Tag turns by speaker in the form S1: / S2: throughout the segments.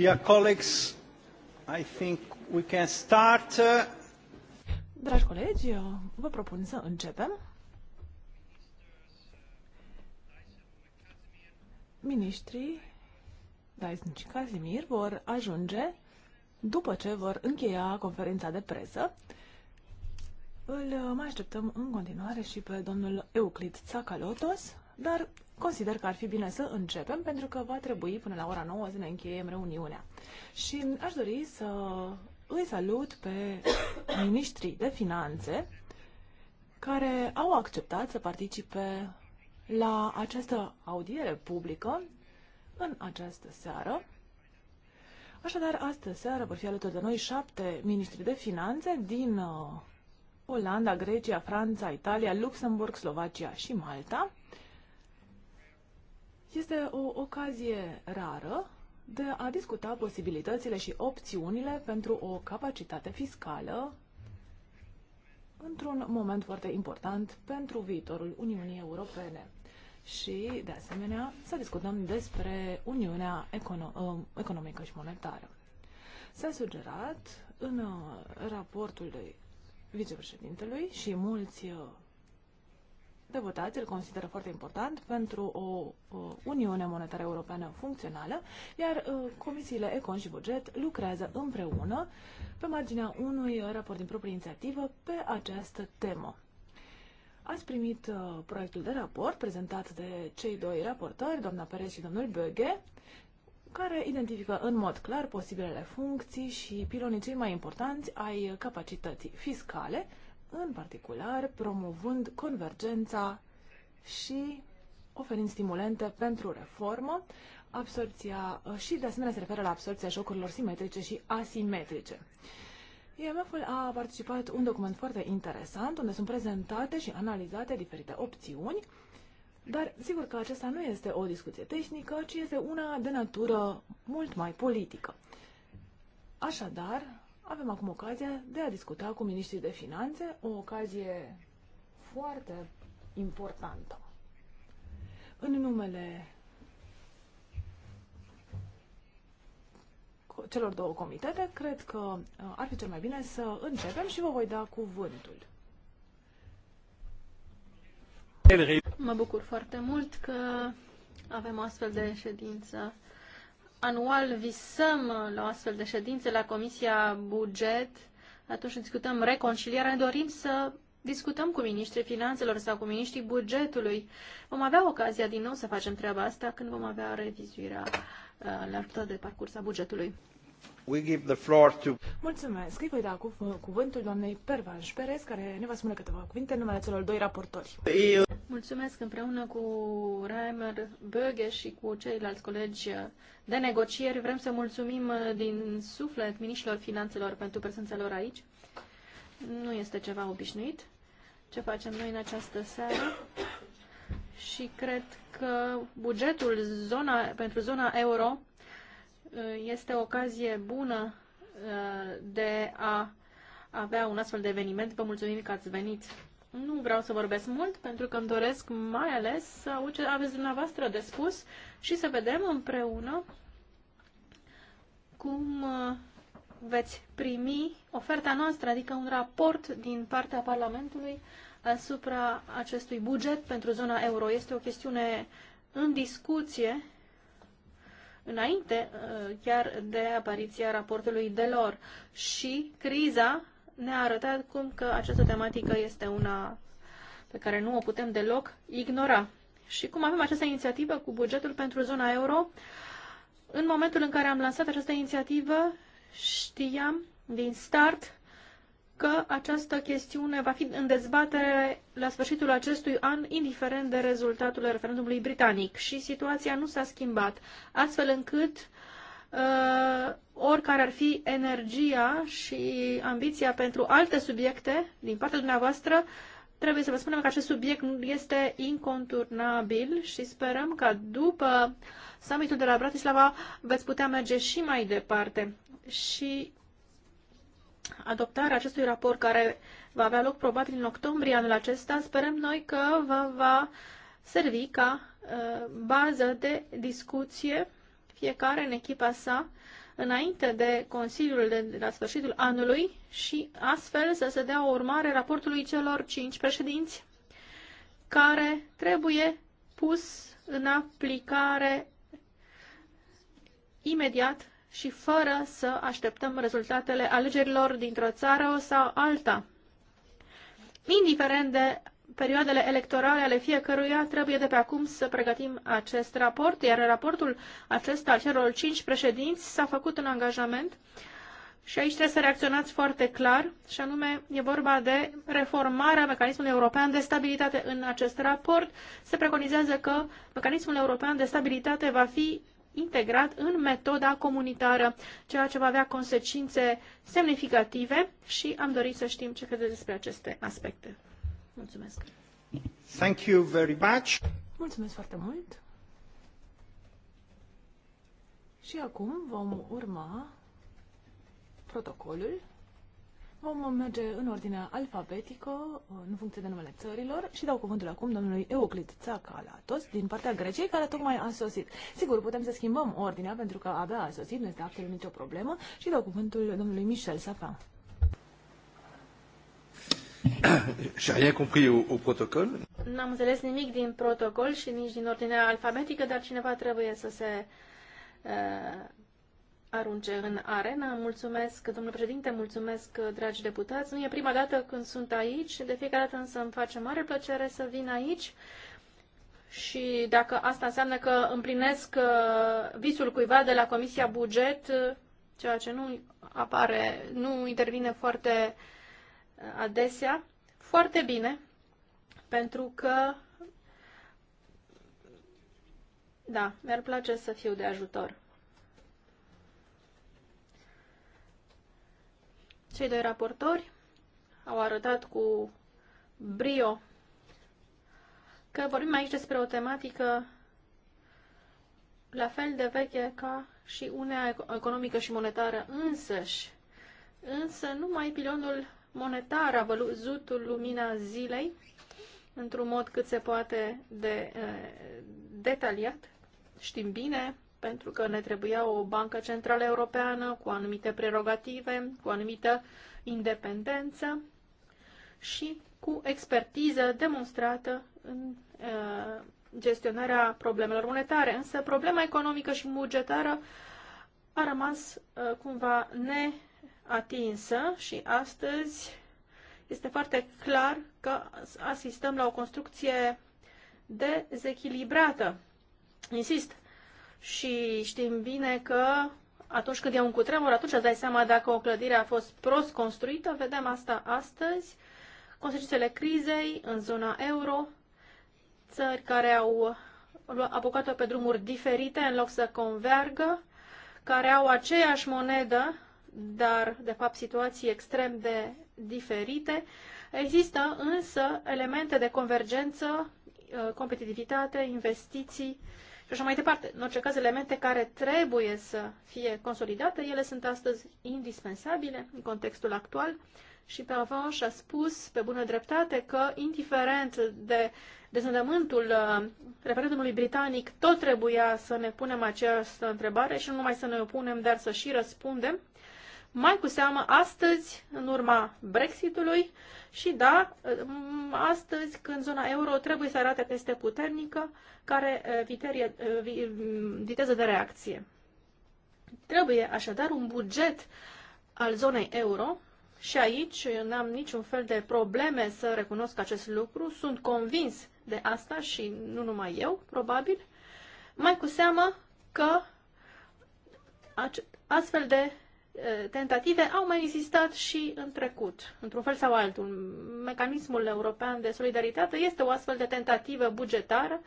S1: I
S2: Dragi colegi, vă propun să începem. Ministrii Daisnici Casimir vor ajunge după ce vor încheia conferința de presă. Îl mai așteptăm în continuare și pe domnul Euclid Tsakalotos, dar consider că ar fi bine să începem, pentru că va trebui până la ora 9 să ne încheiem reuniunea. Și aș dori să îi salut pe ministrii de finanțe care au acceptat să participe la această audiere publică în această seară. Așadar, astă seară vor fi alături de noi șapte ministri de finanțe din uh, Olanda, Grecia, Franța, Italia, Luxemburg, Slovacia și Malta. Este o ocazie rară de a discuta posibilitățile și opțiunile pentru o capacitate fiscală într-un moment foarte important pentru viitorul Uniunii Europene. Și, de asemenea, să discutăm despre Uniunea econo- um, Economică și Monetară. S-a sugerat în uh, raportul de vicepreședintelui și mulți uh, deputații îl consideră foarte important pentru o, o Uniune Monetară Europeană funcțională, iar uh, comisiile Econ și Buget lucrează împreună pe marginea unui raport din proprie inițiativă pe această temă. Ați primit uh, proiectul de raport prezentat de cei doi raportori, doamna Perez și domnul Böge, care identifică în mod clar posibilele funcții și pilonii cei mai importanți ai capacității fiscale, în particular promovând convergența și oferind stimulente pentru reformă, absorția uh, și de asemenea se referă la absorția jocurilor simetrice și asimetrice. IMF-ul a participat un document foarte interesant unde sunt prezentate și analizate diferite opțiuni, dar sigur că acesta nu este o discuție tehnică, ci este una de natură mult mai politică. Așadar, avem acum ocazia de a discuta cu ministrii de finanțe, o ocazie foarte importantă. În numele celor două comitete, cred că uh, ar fi cel mai bine să începem și vă voi da cuvântul. Mă bucur foarte mult că
S1: avem astfel de ședință anual visăm uh, la o astfel de ședință la Comisia Buget, atunci când discutăm reconciliarea, ne dorim să discutăm cu ministrii finanțelor sau cu ministrii bugetului. Vom avea ocazia din nou să facem
S2: treaba asta când vom avea revizuirea uh, la de parcurs a bugetului. Mulțumesc. Îi voi da cu, cuvântul doamnei Pervanș Perez, care ne va spune câteva cuvinte în numele celor doi raportori. Mulțumesc împreună cu Reimer
S1: Böge și cu ceilalți colegi de negocieri. Vrem să mulțumim din suflet miniștilor finanțelor pentru prezența lor aici. Nu este ceva obișnuit ce facem noi în această seară și cred că bugetul zona, pentru zona euro Uh, este o ocazie bună uh, de a avea un astfel de eveniment. Vă mulțumim că ați venit. Nu vreau să vorbesc mult, pentru că îmi doresc mai ales să aud ce aveți dumneavoastră de spus și să vedem împreună cum uh, veți primi oferta noastră, adică un raport din partea Parlamentului asupra acestui buget pentru zona euro. Este o chestiune în discuție înainte uh, chiar de apariția raportului de lor Și criza ne-a arătat cum că această tematică este una pe care nu o putem deloc ignora. Și cum avem această inițiativă cu bugetul pentru zona euro, în momentul în care am lansat această inițiativă, știam din start că această chestiune va fi în dezbatere la sfârșitul acestui an, indiferent de rezultatul referendumului britanic. Și situația nu s-a schimbat, astfel încât uh, oricare ar fi energia și ambiția pentru alte subiecte din partea dumneavoastră, trebuie să vă spunem că acest subiect este inconturnabil și sperăm că după summitul de la Bratislava veți putea merge și mai departe. Și adoptarea acestui raport care va avea loc probabil în octombrie anul acesta, sperăm noi că vă va servi ca uh, bază de discuție fiecare în echipa sa înainte de Consiliul de, de la sfârșitul anului și astfel să se dea o urmare raportului celor cinci președinți care trebuie pus în aplicare imediat și fără să așteptăm rezultatele alegerilor dintr-o țară sau alta. Indiferent de perioadele electorale ale fiecăruia, trebuie de pe acum să pregătim acest raport, iar raportul acesta al celor cinci președinți s-a făcut un angajament și aici trebuie să reacționați foarte clar, și anume e vorba de reformarea mecanismului european de stabilitate. În acest raport se preconizează că mecanismul european de stabilitate va fi integrat în metoda comunitară, ceea ce va avea consecințe semnificative și am dorit să știm ce credeți despre aceste aspecte. Mulțumesc! Thank you very much!
S2: Mulțumesc foarte mult! Și acum vom urma protocolul Vom merge în ordinea alfabetică, în funcție de numele țărilor, și dau cuvântul acum domnului Euclid Tsakalatos, din partea Greciei, care tocmai a sosit. Sigur, putem să schimbăm ordinea, pentru că abia a sosit, nu este absolut nicio problemă, și dau cuvântul domnului Michel Safa.
S1: Și ai compris o protocol. N-am înțeles nimic din protocol și nici din ordinea alfabetică, dar cineva trebuie să se uh, arunce în arena. Mulțumesc, domnule președinte, mulțumesc, dragi deputați. Nu e prima dată când sunt aici, de fiecare dată însă îmi face mare plăcere să vin aici și dacă asta înseamnă că împlinesc uh, visul cuiva de la Comisia Buget, uh, ceea ce nu apare, nu intervine foarte uh, adesea, foarte bine, pentru că da, mi-ar place să fiu de ajutor. Cei doi raportori au arătat cu brio că vorbim aici despre o tematică la fel de veche ca și unea economică și monetară însăși. Însă numai pilonul monetar a văzut lumina zilei într-un mod cât se poate de de eh, detaliat. Știm bine pentru că ne trebuia o bancă centrală europeană cu anumite prerogative, cu anumită independență și cu expertiză demonstrată în uh, gestionarea problemelor monetare. Însă problema economică și bugetară a rămas uh, cumva neatinsă și astăzi este foarte clar că asistăm la o construcție dezechilibrată. Insist, și știm bine că atunci când e un cutremur, atunci îți dai seama dacă o clădire a fost prost construită. Vedem asta astăzi. Consecințele crizei în zona euro, țări care au apucat-o pe drumuri diferite în loc să convergă, care au aceeași monedă, dar de fapt situații extrem de diferite. Există însă elemente de convergență, uh, competitivitate, investiții, și așa mai departe. În orice caz, elemente care trebuie să fie consolidate, ele sunt astăzi indispensabile în contextul actual și pe avans, a spus pe bună dreptate că, indiferent de dezândământul uh, referendumului britanic, tot trebuia să ne punem această întrebare și nu numai să ne opunem, dar să și răspundem mai cu seamă astăzi, în urma Brexitului și da, mm, astăzi când zona euro trebuie să arate că este puternică, care viterie, mm, viteză de reacție. Trebuie așadar un buget al zonei euro și aici n-am niciun fel de probleme să recunosc acest lucru, sunt convins de asta și nu numai eu, probabil, mai cu seamă că astfel de Eh, tentative au mai existat și în trecut, într-un fel sau altul. Mecanismul european de solidaritate este o astfel de tentativă bugetară,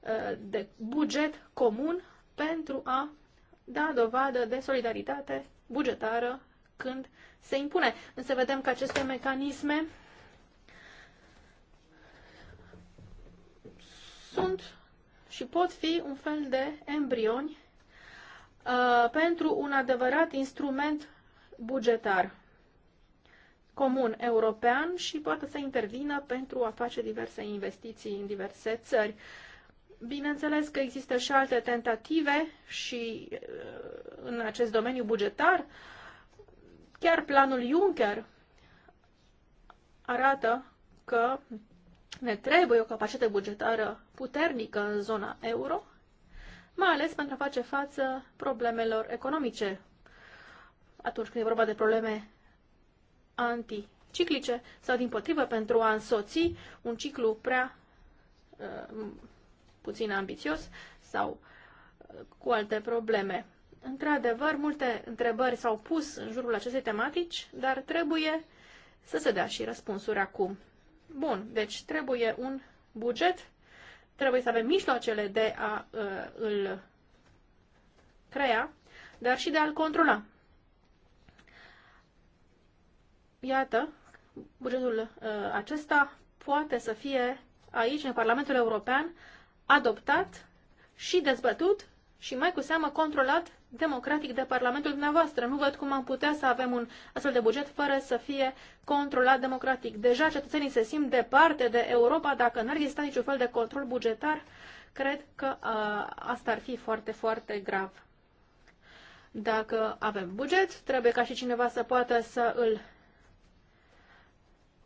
S1: eh, de buget comun pentru a da dovadă de solidaritate bugetară când se impune. Însă vedem că aceste mecanisme sunt și pot fi un fel de embrioni Uh, pentru un adevărat instrument bugetar comun european și poate să intervină pentru a face diverse investiții în diverse țări. Bineînțeles că există și alte tentative și uh, în acest domeniu bugetar. Chiar planul Juncker arată că ne trebuie o capacitate bugetară puternică în zona euro mai ales pentru a face față problemelor economice atunci când e vorba de probleme anticiclice sau din potrivă pentru a însoți un ciclu prea uh, puțin ambițios sau uh, cu alte probleme. Într-adevăr, multe întrebări s-au pus în jurul acestei tematici, dar trebuie să se dea și răspunsuri acum. Bun, deci trebuie un buget trebuie să avem mijloacele de a uh, îl crea, dar și de a-l controla. Iată, bugetul uh, acesta poate să fie aici, în Parlamentul European, adoptat și dezbătut și mai cu seamă controlat democratic de Parlamentul dumneavoastră. Nu văd cum am putea să avem un astfel de buget fără să fie controlat democratic. Deja cetățenii se simt departe de Europa dacă n-ar exista niciun fel de control bugetar. Cred că a, asta ar fi foarte, foarte grav. Dacă avem buget, trebuie ca și cineva să poată să îl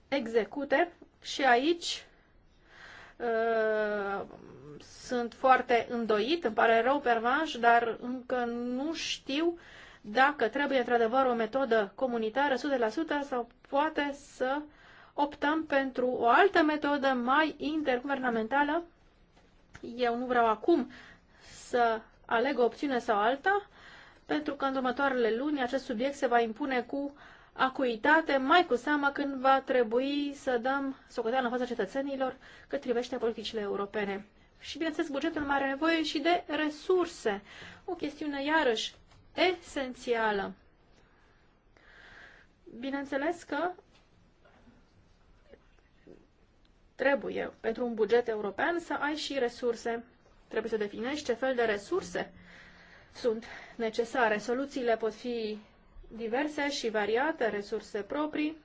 S1: execute și aici Uh, sunt foarte îndoit, îmi pare rău pe revanș, dar încă nu știu dacă trebuie într-adevăr o metodă comunitară 100% sau poate să optăm pentru o altă metodă mai interguvernamentală. Eu nu vreau acum să aleg o opțiune sau alta, pentru că în următoarele luni acest subiect se va impune cu acuitate, mai cu seamă când va trebui să dăm socoteală în fața cetățenilor cât privește politicile europene. Și, bineînțeles, bugetul mai are nevoie și de resurse. O chestiune, iarăși, esențială. Bineînțeles că trebuie, pentru un buget european, să ai și resurse. Trebuie să definești ce fel de resurse sunt necesare. Soluțiile pot fi diverse și variate resurse proprii,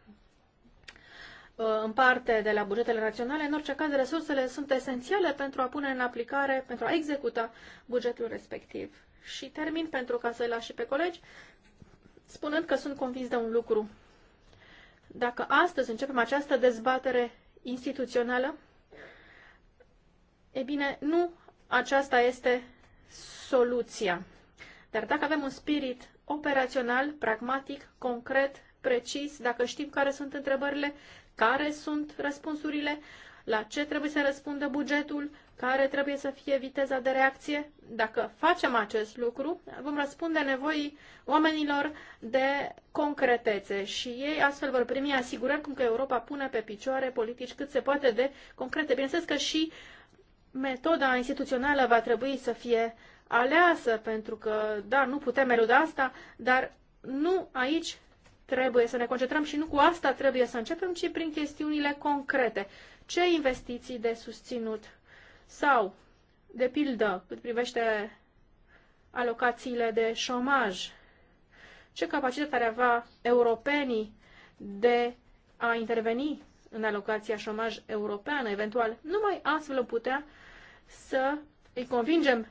S1: uh, în parte de la bugetele naționale. În orice caz, resursele sunt esențiale pentru a pune în aplicare, pentru a executa bugetul respectiv. Și termin pentru ca să-i las și pe colegi, spunând că sunt convins de un lucru. Dacă astăzi începem această dezbatere instituțională, e bine, nu aceasta este soluția. Dar dacă avem un spirit operațional, pragmatic, concret, precis, dacă știm care sunt întrebările, care sunt răspunsurile, la ce trebuie să răspundă bugetul, care trebuie să fie viteza de reacție. Dacă facem acest lucru, vom răspunde nevoii oamenilor de concretețe și ei astfel vor primi asigurări cum că Europa pune pe picioare politici cât se poate de concrete. Bineînțeles că și metoda instituțională va trebui să fie aleasă, pentru că, da, nu putem eluda asta, dar nu aici trebuie să ne concentrăm și nu cu asta trebuie să începem, ci prin chestiunile concrete. Ce investiții de susținut? Sau, de pildă, cât privește alocațiile de șomaj, ce capacitate ar avea europenii de a interveni în alocația șomaj europeană, eventual. Numai astfel putea să îi convingem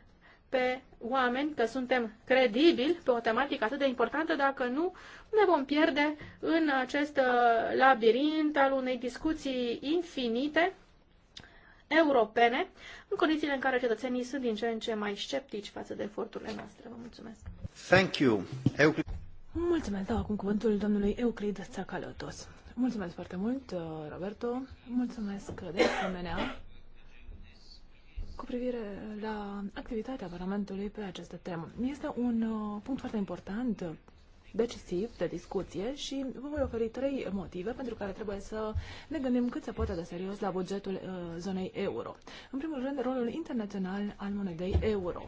S1: pe oameni că suntem credibili pe o tematică atât de importantă, dacă nu, ne vom pierde în acest uh, labirint al unei discuții infinite europene, în condițiile în care cetățenii sunt din ce în ce mai
S2: sceptici față de eforturile noastre. Vă mulțumesc!
S1: Thank you. Euclid.
S2: Mulțumesc, dau acum cuvântul domnului Euclid Tsakalotos. Mulțumesc foarte mult, uh, Roberto. Mulțumesc de asemenea cu privire la activitatea Parlamentului pe această temă. Este un uh, punct foarte important, decisiv, de discuție și vă voi oferi trei motive pentru care trebuie să ne gândim cât se poate de serios la bugetul uh, zonei euro. În primul rând, rolul internațional al monedei euro.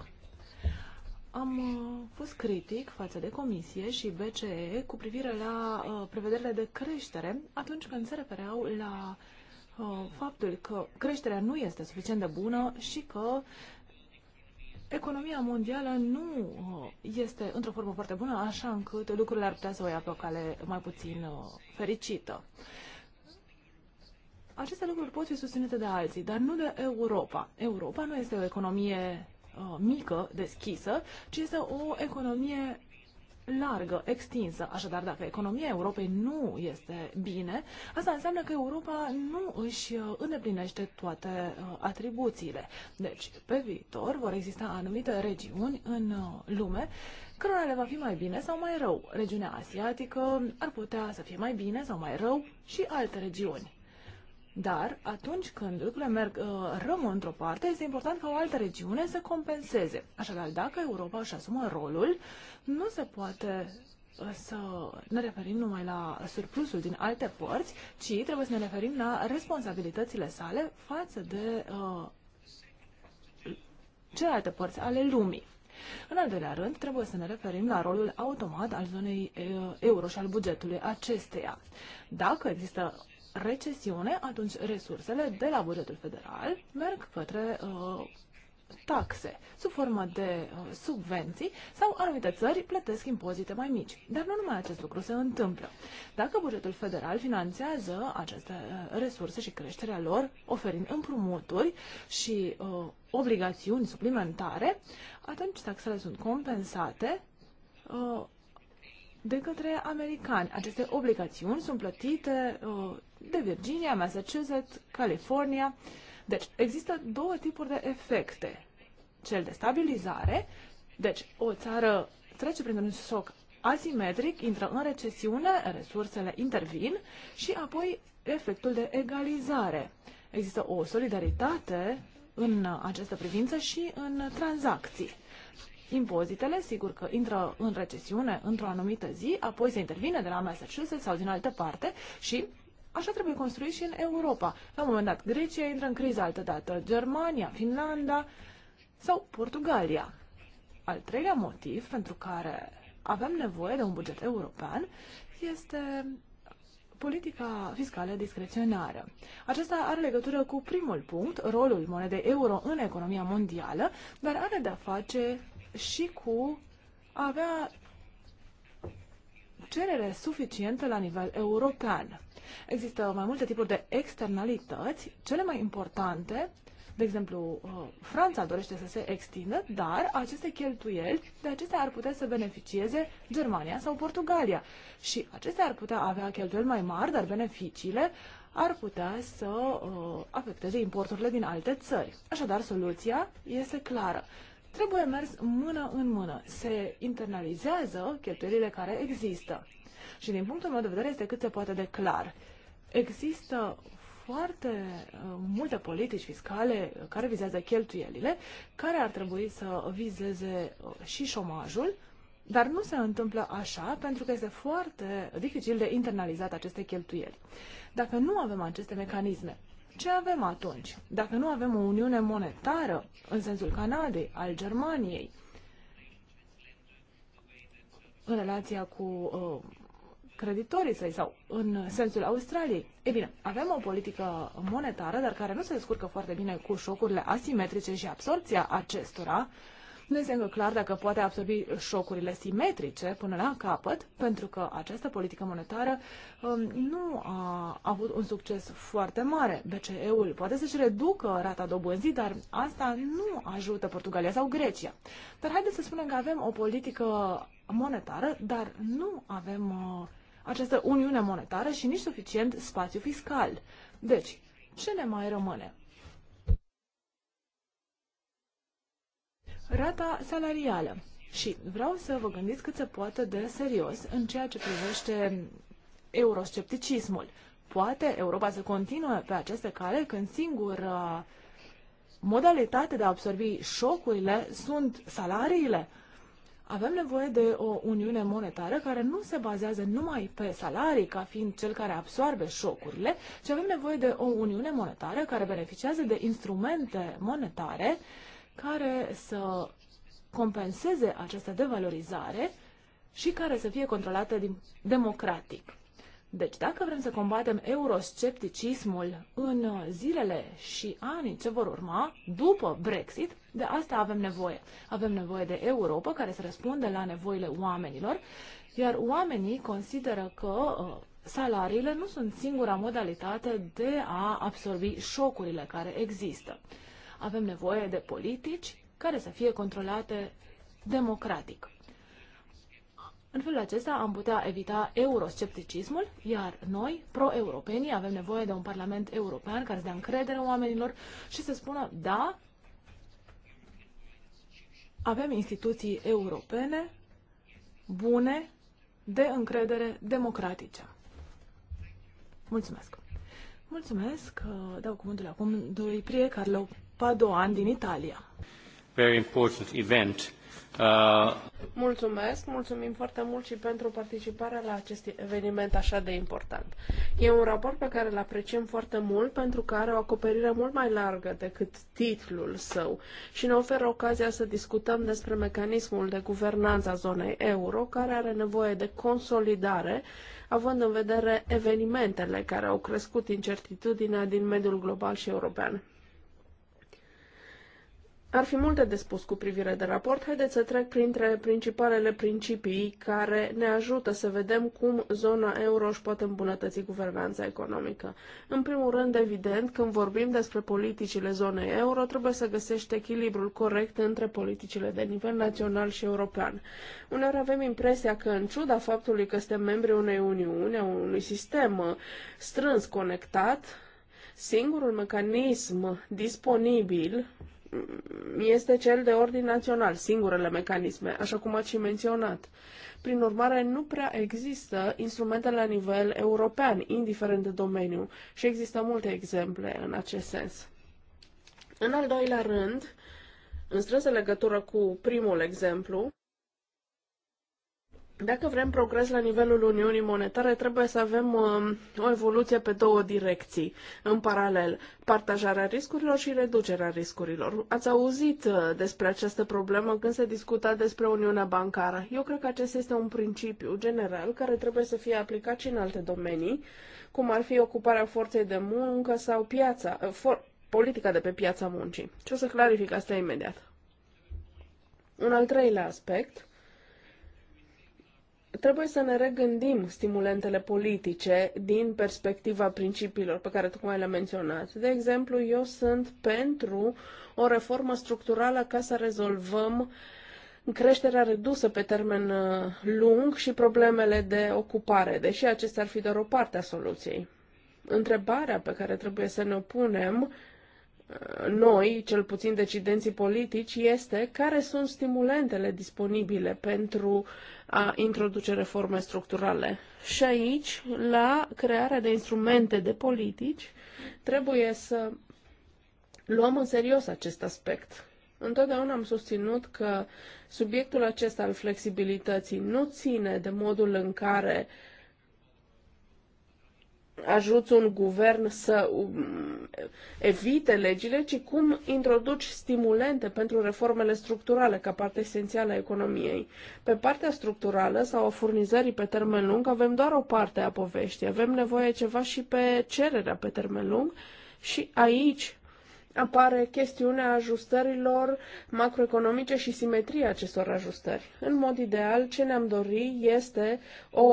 S2: Am uh, fost critic față de Comisie și BCE cu privire la uh, prevederile de creștere atunci când se refereau la uh, Uh, faptul că creșterea nu este suficient de bună și că economia mondială nu uh, este într-o formă foarte bună, așa încât lucrurile ar putea să o ia pe o cale mai puțin uh, fericită. Aceste lucruri pot fi susținute de alții, dar nu de Europa. Europa nu este o economie mică, deschisă, ci este o economie largă, extinsă. Așadar, dacă economia Europei nu este bine, asta înseamnă că Europa nu își uh, îndeplinește toate uh, atribuțiile. Deci, pe viitor vor exista anumite regiuni în uh, lume cărora le va fi mai bine sau mai rău. Regiunea asiatică ar putea să fie mai bine sau mai rău și alte regiuni. Dar atunci când lucrurile merg uh, rău într-o parte, este important ca o altă regiune să compenseze. Așadar, dacă Europa își asumă rolul, nu se poate uh, să ne referim numai la surplusul din alte părți, ci trebuie să ne referim la responsabilitățile sale față de uh, celelalte părți ale lumii. În al doilea rând, trebuie să ne referim la rolul automat al zonei uh, euro și al bugetului acesteia. Dacă există recesiune, atunci resursele de la bugetul federal merg către uh, taxe sub formă de uh, subvenții sau anumite țări plătesc impozite mai mici. Dar nu numai acest lucru se întâmplă. Dacă bugetul federal finanțează aceste uh, resurse și creșterea lor, oferind împrumuturi și uh, obligațiuni suplimentare, atunci taxele sunt compensate uh, de către americani. Aceste obligațiuni sunt plătite uh, de Virginia, Massachusetts, California. Deci există două tipuri de efecte. Cel de stabilizare, deci o țară trece printr-un soc asimetric, intră în recesiune, resursele intervin și apoi efectul de egalizare. Există o solidaritate în această privință și în tranzacții. Impozitele, sigur că intră în recesiune într-o anumită zi, apoi se intervine de la Massachusetts sau din altă parte și Așa trebuie construit și în Europa. La un moment dat, Grecia intră în criză altădată, Germania, Finlanda sau Portugalia. Al treilea motiv pentru care avem nevoie de un buget european este politica fiscală discreționară. Acesta are legătură cu primul punct, rolul monedei euro în economia mondială, dar are de-a face și cu avea cerere suficientă la nivel european. Există mai multe tipuri de externalități, cele mai importante, de exemplu, uh, Franța dorește să se extindă, dar aceste cheltuieli, de acestea ar putea să beneficieze Germania sau Portugalia. Și acestea ar putea avea cheltuieli mai mari, dar beneficiile ar putea să uh, afecteze importurile din alte țări. Așadar, soluția este clară. Trebuie mers mână în mână. Se internalizează cheltuielile care există. Și din punctul meu de vedere este cât se poate de clar. Există foarte uh, multe politici fiscale care vizează cheltuielile, care ar trebui să vizeze uh, și șomajul, dar nu se întâmplă așa pentru că este foarte dificil de internalizat aceste cheltuieli. Dacă nu avem aceste mecanisme, ce avem atunci? Dacă nu avem o uniune monetară în sensul Canadei, al Germaniei, în relația cu uh, creditorii săi sau în sensul Australiei. E bine, avem o politică monetară, dar care nu se descurcă foarte bine cu șocurile asimetrice și absorpția acestora. Nu este încă clar dacă poate absorbi șocurile simetrice până la capăt, pentru că această politică monetară um, nu a avut un succes foarte mare. BCE-ul poate să-și reducă rata dobânzii, dar asta nu ajută Portugalia sau Grecia. Dar haideți să spunem că avem o politică monetară, dar nu avem uh, această uniune monetară și nici suficient spațiu fiscal. Deci, ce ne mai rămâne? Rata salarială. Și vreau să vă gândiți cât se poate de serios în ceea ce privește euroscepticismul. Poate Europa să continue pe aceste cale când singura modalitate de a absorbi șocurile sunt salariile? Avem nevoie de o uniune monetară care nu se bazează numai pe salarii ca fiind cel care absorbe șocurile, ci avem nevoie de o uniune monetară care beneficiază de instrumente monetare care să compenseze această devalorizare și care să fie controlată din, democratic. Deci, dacă vrem să combatem euroscepticismul în zilele și anii ce vor urma, după Brexit, de asta avem nevoie. Avem nevoie de Europa care să răspundă la nevoile oamenilor, iar oamenii consideră că uh, salariile nu sunt singura modalitate de a absorbi șocurile care există. Avem nevoie de politici care să fie controlate democratic. În felul acesta am putea evita euroscepticismul, iar noi, pro-europenii, avem nevoie de un Parlament european care să dea încredere oamenilor și să spună, da, avem instituții europene bune, de încredere, democratice. Mulțumesc! Mulțumesc! Dau cuvântul acum doi prie Carlo Padoan din Italia.
S3: Very important
S1: event Uh,
S2: mulțumesc, mulțumim foarte mult și pentru participarea la
S3: acest eveniment așa de important. E un raport pe care îl apreciem foarte mult pentru că are o acoperire mult mai largă decât titlul său și ne oferă ocazia să discutăm despre mecanismul de guvernanță a zonei euro care are nevoie de consolidare având în vedere evenimentele care au crescut incertitudinea din mediul global și european. Ar fi multe de spus cu privire de raport. Haideți să trec printre principalele principii care ne ajută să vedem cum zona euro își poate îmbunătăți guvernanța economică. În primul rând, evident, când vorbim despre politicile zonei euro, trebuie să găsești echilibrul corect între politicile de nivel național și european. Uneori avem impresia că, în ciuda faptului că suntem membri unei uniuni, unui sistem strâns conectat, singurul mecanism disponibil este cel de ordin național, singurele mecanisme, așa cum ați și menționat. Prin urmare, nu prea există instrumente la nivel european, indiferent de domeniu, și există multe exemple în acest sens. În al doilea rând, în strânsă legătură cu primul exemplu, dacă vrem progres la nivelul Uniunii Monetare, trebuie să avem uh, o evoluție pe două direcții, în paralel, partajarea riscurilor și reducerea riscurilor. Ați auzit uh, despre această problemă când se discuta despre Uniunea Bancară. Eu cred că acesta este un principiu general care trebuie să fie aplicat și în alte domenii, cum ar fi ocuparea forței de muncă sau piața, uh, politica de pe piața muncii. Și o să clarific asta imediat. Un al treilea aspect Trebuie să ne regândim stimulentele politice din perspectiva principiilor pe care tocmai le-am menționat. De exemplu, eu sunt pentru o reformă structurală ca să rezolvăm creșterea redusă pe termen uh, lung și problemele de ocupare, deși acestea ar fi doar o parte a soluției. Întrebarea pe care trebuie să ne opunem punem noi, cel puțin decidenții politici, este care sunt stimulentele disponibile pentru a introduce reforme structurale. Și aici, la crearea de instrumente de politici, trebuie să luăm în serios acest aspect. Întotdeauna am susținut că subiectul acesta al flexibilității nu ține de modul în care uh, ajuți un guvern să um, evite legile, ci cum introduci stimulente pentru reformele structurale ca parte esențială a economiei. Pe partea structurală sau a furnizării pe termen lung avem doar o parte a poveștii. Avem nevoie ceva și pe cererea pe termen lung și aici apare chestiunea ajustărilor macroeconomice și simetria acestor ajustări. În mod ideal, ce ne-am dori este o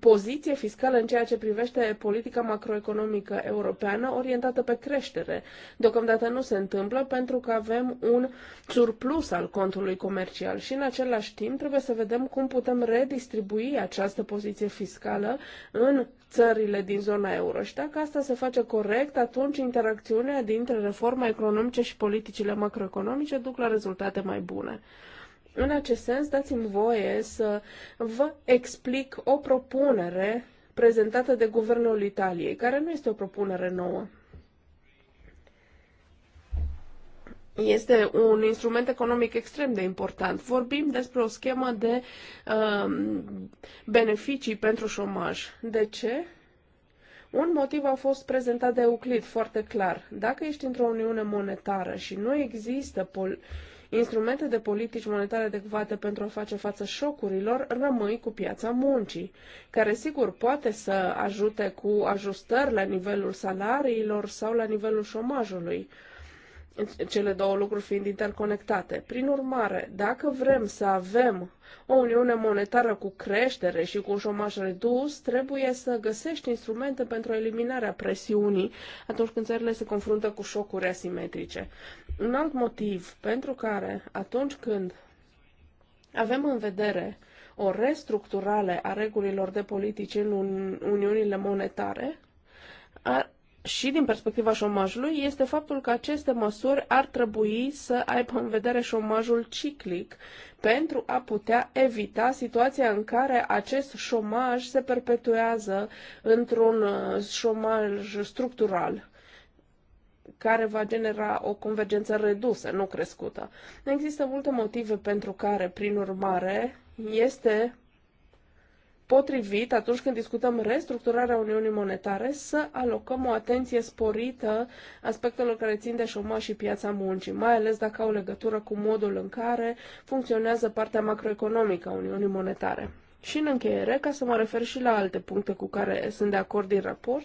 S3: poziție fiscală în ceea ce privește politica macroeconomică europeană orientată pe creștere. Deocamdată nu se întâmplă pentru că avem un surplus al contului comercial și în același timp trebuie să vedem cum putem redistribui această poziție fiscală în țările din zona euro. Și dacă asta se face corect, atunci interacțiunea dintre reforma economice și politicile macroeconomice duc la rezultate mai bune. În acest sens, dați-mi voie să vă explic o propunere prezentată de Guvernul Italiei, care nu este o propunere nouă. Este un instrument economic extrem de important. Vorbim despre o schemă de um, uh, beneficii pentru șomaj. De ce? Un motiv a fost prezentat de Euclid foarte clar. Dacă ești într-o uniune monetară și nu există pol- uh, instrumente de politici monetare adecvate pentru a face față șocurilor, rămâi cu piața muncii, care sigur poate să ajute cu ajustări la nivelul salariilor sau la nivelul șomajului cele două lucruri fiind interconectate. Prin urmare, dacă vrem să avem o uniune monetară cu creștere și cu un șomaj redus, trebuie să găsești instrumente pentru eliminarea presiunii atunci când țările se confruntă cu șocuri asimetrice. Un alt motiv pentru care atunci când avem în vedere o restructurare a regulilor de politici în uniunile monetare, ar, și din perspectiva șomajului este faptul că aceste măsuri ar trebui să aibă în vedere șomajul ciclic pentru a putea evita situația în care acest șomaj se perpetuează într-un uh, șomaj structural care va genera o convergență redusă, nu crescută. Există multe motive pentru care, prin urmare, este potrivit atunci când discutăm restructurarea Uniunii Monetare să alocăm o atenție sporită aspectelor care țin de șomaj și piața muncii, mai ales dacă au legătură cu modul în care funcționează partea macroeconomică a Uniunii Monetare. Și în încheiere, ca să mă refer și la alte puncte cu care sunt de acord din raport,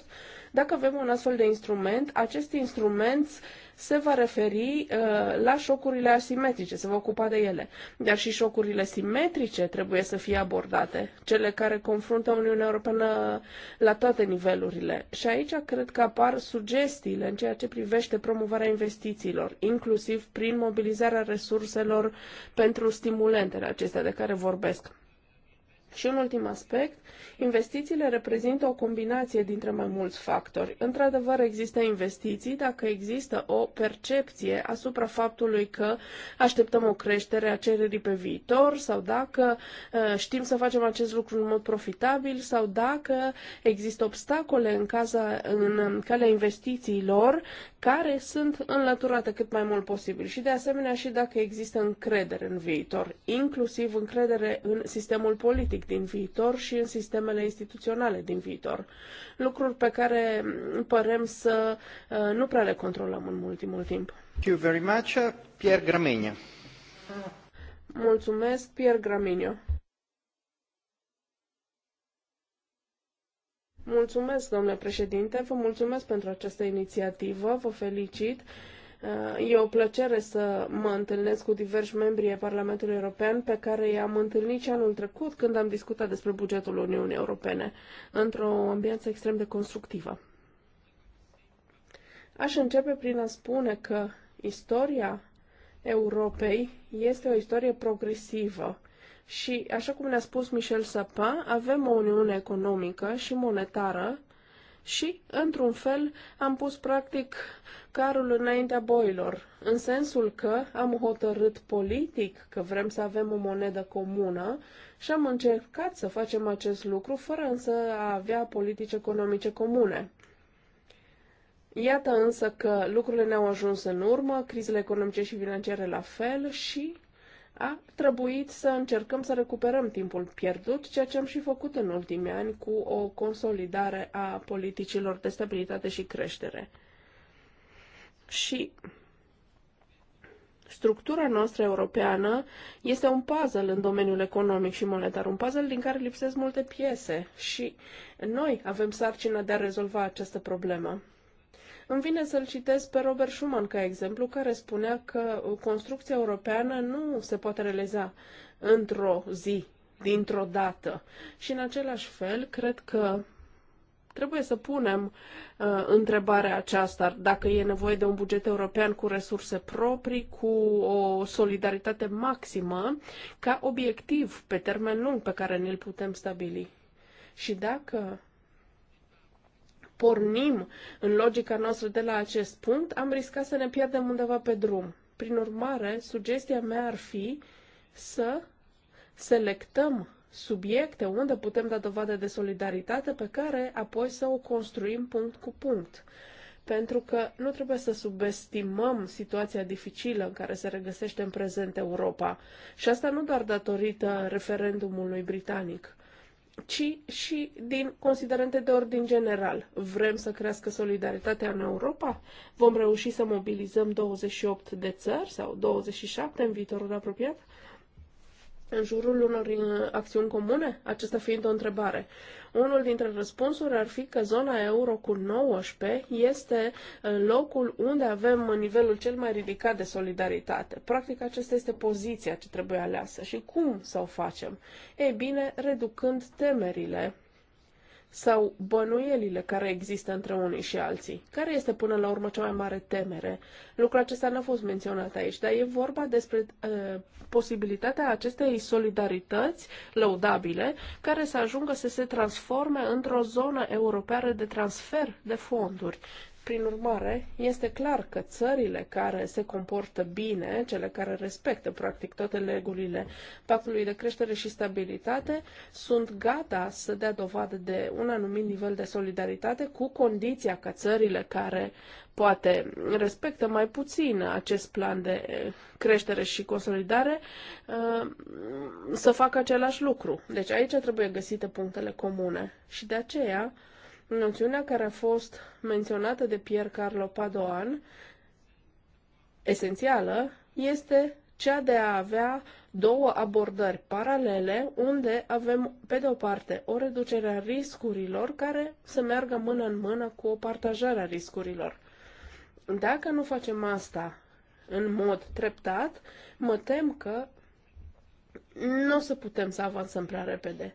S3: dacă avem un astfel de instrument, acest instrument se va referi uh, la șocurile asimetrice, se va ocupa de ele. Dar și șocurile simetrice trebuie să fie abordate, cele care confruntă Uniunea Europeană la toate nivelurile. Și aici cred că apar sugestiile în ceea ce privește promovarea investițiilor, inclusiv prin mobilizarea resurselor pentru stimulentele acestea de care vorbesc. Și un ultim aspect, investițiile reprezintă o combinație dintre mai mulți factori. Într-adevăr, există investiții dacă există o percepție asupra faptului că așteptăm o creștere a cererii pe viitor sau dacă uh, știm să facem acest lucru în mod profitabil sau dacă există obstacole în, caza, în calea investițiilor care sunt înlăturate cât mai mult posibil și de asemenea și dacă există încredere în viitor, inclusiv încredere în sistemul politic politic din viitor și în sistemele instituționale din viitor. Lucruri pe care părem să uh, nu prea le controlăm în ultimul timp. Thank you very much, uh, Pierre Gramegna. Mulțumesc, Pierre Gramegna. Mulțumesc, domnule președinte, vă mulțumesc pentru această inițiativă, vă felicit. E o plăcere să mă întâlnesc cu diversi membri ai Parlamentului European pe care i-am întâlnit și anul trecut când am discutat despre bugetul Uniunii Europene într-o ambianță extrem de constructivă. Aș începe prin a spune că istoria Europei este o istorie progresivă. Și, așa cum ne-a spus Michel Sapin, avem o uniune economică și monetară și, într-un fel, am pus practic carul înaintea boilor, în sensul că am hotărât politic că vrem să avem o monedă comună și am încercat să facem acest lucru fără însă a avea politici economice comune. Iată însă că lucrurile ne-au ajuns în urmă, crizele economice și financiare la fel și a trebuit să încercăm să recuperăm timpul pierdut, ceea ce am și făcut în ultimii ani cu o consolidare a politicilor de stabilitate și creștere. Și structura noastră europeană este un puzzle în domeniul economic și monetar, un puzzle din care lipsesc multe piese și noi avem sarcina de a rezolva această problemă. Îmi vine să-l citesc pe Robert Schuman ca exemplu, care spunea că uh, construcția europeană nu se poate realiza într-o zi, dintr-o dată. Și în același fel, cred că trebuie să punem uh, întrebarea aceasta, dacă e nevoie de un buget european cu resurse proprii, cu o solidaritate maximă, ca obiectiv pe termen lung pe care ne-l putem stabili. Și dacă pornim în logica noastră de la acest punct, am riscat să ne pierdem undeva pe drum. Prin urmare, sugestia mea ar fi să selectăm subiecte unde putem da dovadă de solidaritate pe care apoi să o construim punct cu punct. Pentru că nu trebuie să subestimăm situația dificilă în care se regăsește în prezent Europa. Și asta nu doar datorită referendumului britanic ci și din considerente de ordin general. Vrem să crească solidaritatea în Europa? Vom reuși să mobilizăm 28 de țări sau 27 în viitorul apropiat? în jurul unor uh, acțiuni comune? Acesta fiind o întrebare. Unul dintre răspunsuri ar fi că zona euro cu 19 este uh, locul unde avem nivelul cel mai ridicat de solidaritate. Practic, aceasta este poziția ce trebuie aleasă. Și cum să o facem? Ei bine, reducând temerile sau bănuielile care există între unii și alții. Care este până la urmă cea mai mare temere? Lucrul acesta n-a fost menționat aici, dar e vorba despre uh, posibilitatea acestei solidarități lăudabile care să ajungă să se transforme într-o zonă europeană de transfer de fonduri. Prin urmare, este clar că țările care se comportă bine, cele care respectă practic toate regulile pactului de creștere și stabilitate, sunt gata să dea dovadă de un anumit nivel de solidaritate cu condiția ca țările care poate respectă mai puțin acest plan de creștere și consolidare uh, să facă același lucru. Deci aici trebuie găsite punctele comune și de aceea noțiunea care a fost menționată de Pier Carlo Padoan, esențială, este cea de a avea două abordări paralele, unde avem, pe de o parte, o reducere a riscurilor care să meargă mână în mână cu o partajare a riscurilor. Dacă nu facem asta în mod treptat, mă tem că nu o să putem să avansăm prea repede.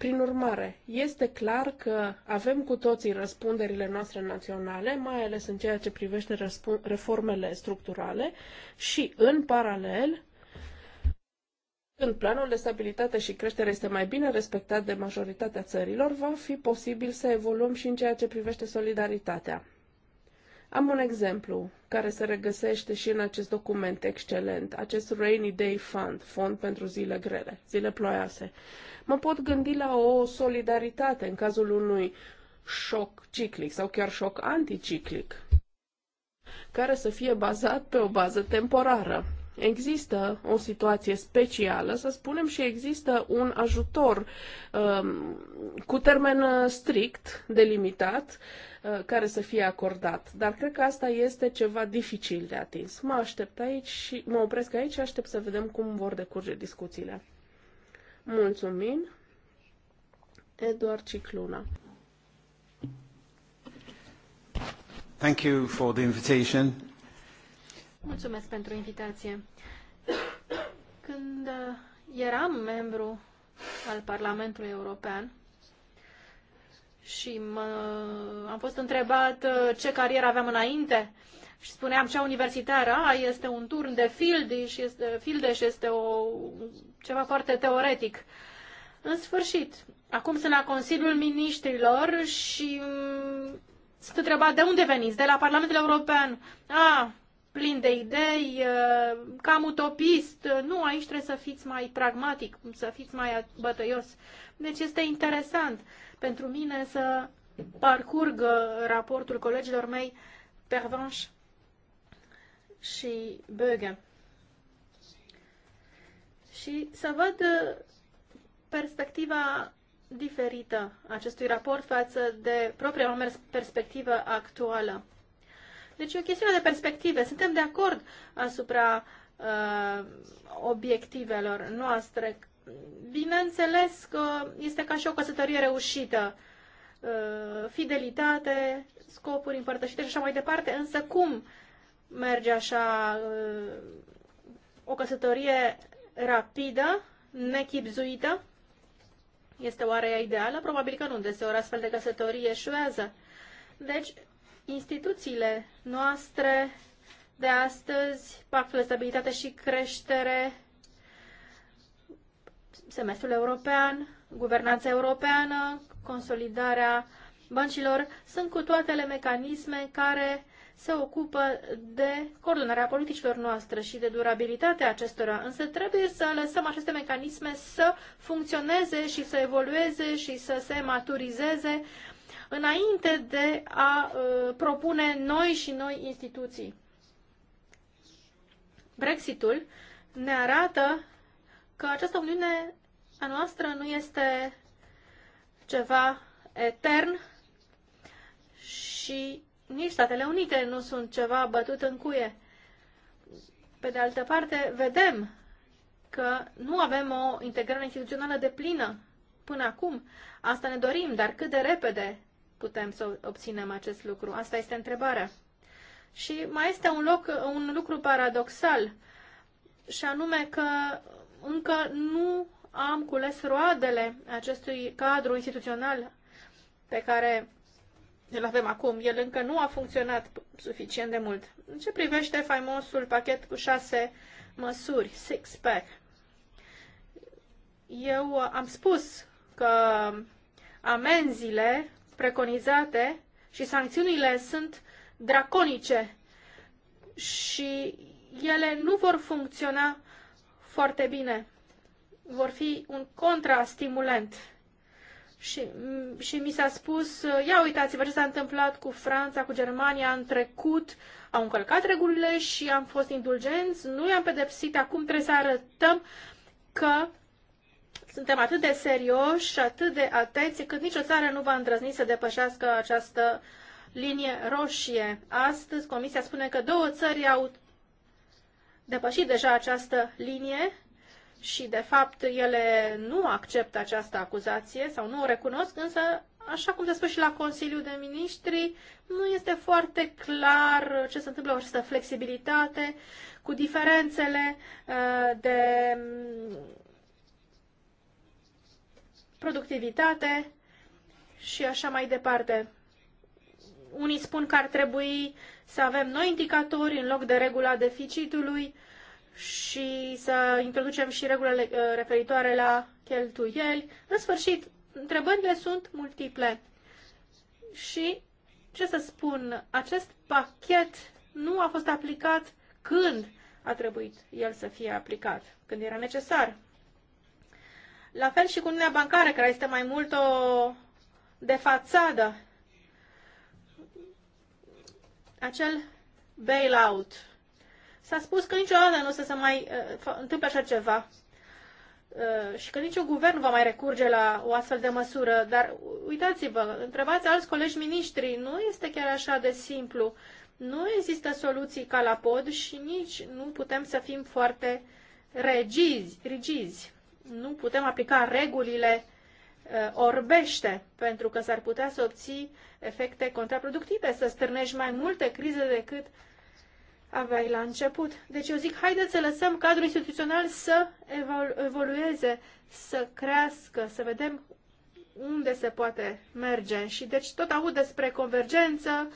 S3: Prin urmare, este clar că avem cu toții răspunderile noastre naționale, mai ales în ceea ce privește reformele structurale și, în paralel, când planul de stabilitate și creștere este mai bine respectat de majoritatea țărilor, va fi posibil să evoluăm și în ceea ce privește solidaritatea. Am un exemplu care se regăsește și în acest document excelent, acest Rainy Day Fund, fond pentru zile grele, zile ploioase. Mă pot gândi la o solidaritate în cazul unui șoc ciclic sau chiar șoc anticiclic, care să fie bazat pe o bază temporară. Există o situație specială, să spunem, și există un ajutor um, cu termen uh, strict delimitat Uh, care să fie acordat. Dar cred că asta este ceva dificil de atins. Mă aștept aici și mă opresc aici și aștept să vedem cum vor decurge discuțiile. Mulțumim. Eduard Cicluna. Thank you for the invitation.
S1: Mulțumesc pentru invitație. Când uh, eram membru al Parlamentului European, și am fost întrebat uh, ce carieră aveam înainte și spuneam cea universitară, a, este un turn de și este, și este o, ceva foarte teoretic. În sfârșit, acum sunt la Consiliul Ministrilor și mm, sunt întrebat de unde veniți, de la Parlamentul European. A, plin de idei, uh, cam utopist. Nu, aici trebuie să fiți mai pragmatic, să fiți mai bătăios. Deci este interesant pentru mine să parcurg uh, raportul colegilor mei Pervenche și Böge și să văd uh, perspectiva diferită acestui raport față de propria mea perspectivă actuală. Deci e o chestiune de perspective. Suntem de acord asupra uh, obiectivelor noastre bineînțeles că este ca și o căsătorie reușită. Uh, fidelitate, scopuri împărtășite și așa mai departe, însă cum merge așa uh, o căsătorie rapidă, nechipzuită? Este oare ea ideală? Probabil că nu, deseori astfel de căsătorie eșuează. Deci, instituțiile noastre de astăzi, Pactul de Stabilitate și Creștere, semestrul european, guvernanța europeană, consolidarea băncilor, sunt cu toatele mecanisme care se ocupă de coordonarea politicilor noastre și de durabilitatea acestora, însă trebuie să lăsăm aceste mecanisme să funcționeze și să evolueze și să se maturizeze înainte de a uh, propune noi și noi instituții. Brexitul ne arată că această uniune a noastră nu este ceva etern și nici Statele Unite nu sunt ceva bătut în cuie. Pe de altă parte, vedem că nu avem o integrare instituțională de plină până acum. Asta ne dorim, dar cât de repede putem să obținem acest lucru? Asta este întrebarea. Și mai este un, loc, un lucru paradoxal, și anume că încă nu am cules roadele acestui cadru instituțional pe care îl avem acum. El încă nu a funcționat suficient de mult. În ce privește faimosul pachet cu șase măsuri, six-pack, eu am spus că amenziile preconizate și sancțiunile sunt draconice și ele nu vor funcționa foarte bine. Vor fi un contrastimulant. Și, și mi s-a spus, ia uitați-vă ce s-a întâmplat cu Franța, cu Germania în trecut, au încălcat regulile și am fost indulgenți, nu i-am pedepsit, acum trebuie să arătăm că suntem atât de serioși și atât de atenți cât nicio țară nu va îndrăzni să depășească această linie roșie. Astăzi Comisia spune că două țări au depășit deja această linie și, de fapt, ele nu acceptă această acuzație sau nu o recunosc, însă, așa cum se spune și la Consiliul de Ministri, nu este foarte clar ce se întâmplă cu această flexibilitate, cu diferențele uh, de mm, productivitate și așa mai departe. Unii spun că ar trebui să avem noi indicatori în loc de regula deficitului și să introducem și regulile uh, referitoare la cheltuieli. În sfârșit, întrebările sunt multiple. Și, ce să spun, acest pachet nu a fost aplicat când a trebuit el să fie aplicat, când era necesar. La fel și cu Uniunea Bancară, care este mai mult o de fațadă acel bailout. S-a spus că niciodată nu o să se mai uh, întâmple așa ceva uh, și că niciun guvern nu va mai recurge la o astfel de măsură. Dar uitați-vă, întrebați alți colegi miniștri, nu este chiar așa de simplu. Nu există soluții ca la pod și nici nu putem să fim foarte regizi. rigizi. Nu putem aplica regulile uh, orbește, pentru că s-ar putea să obții efecte contraproductive, să stârnești mai multe crize decât aveai la început. Deci eu zic, haideți să lăsăm cadrul instituțional să evolu evolueze, să crească, să vedem unde se poate merge. Și deci tot aud despre convergență,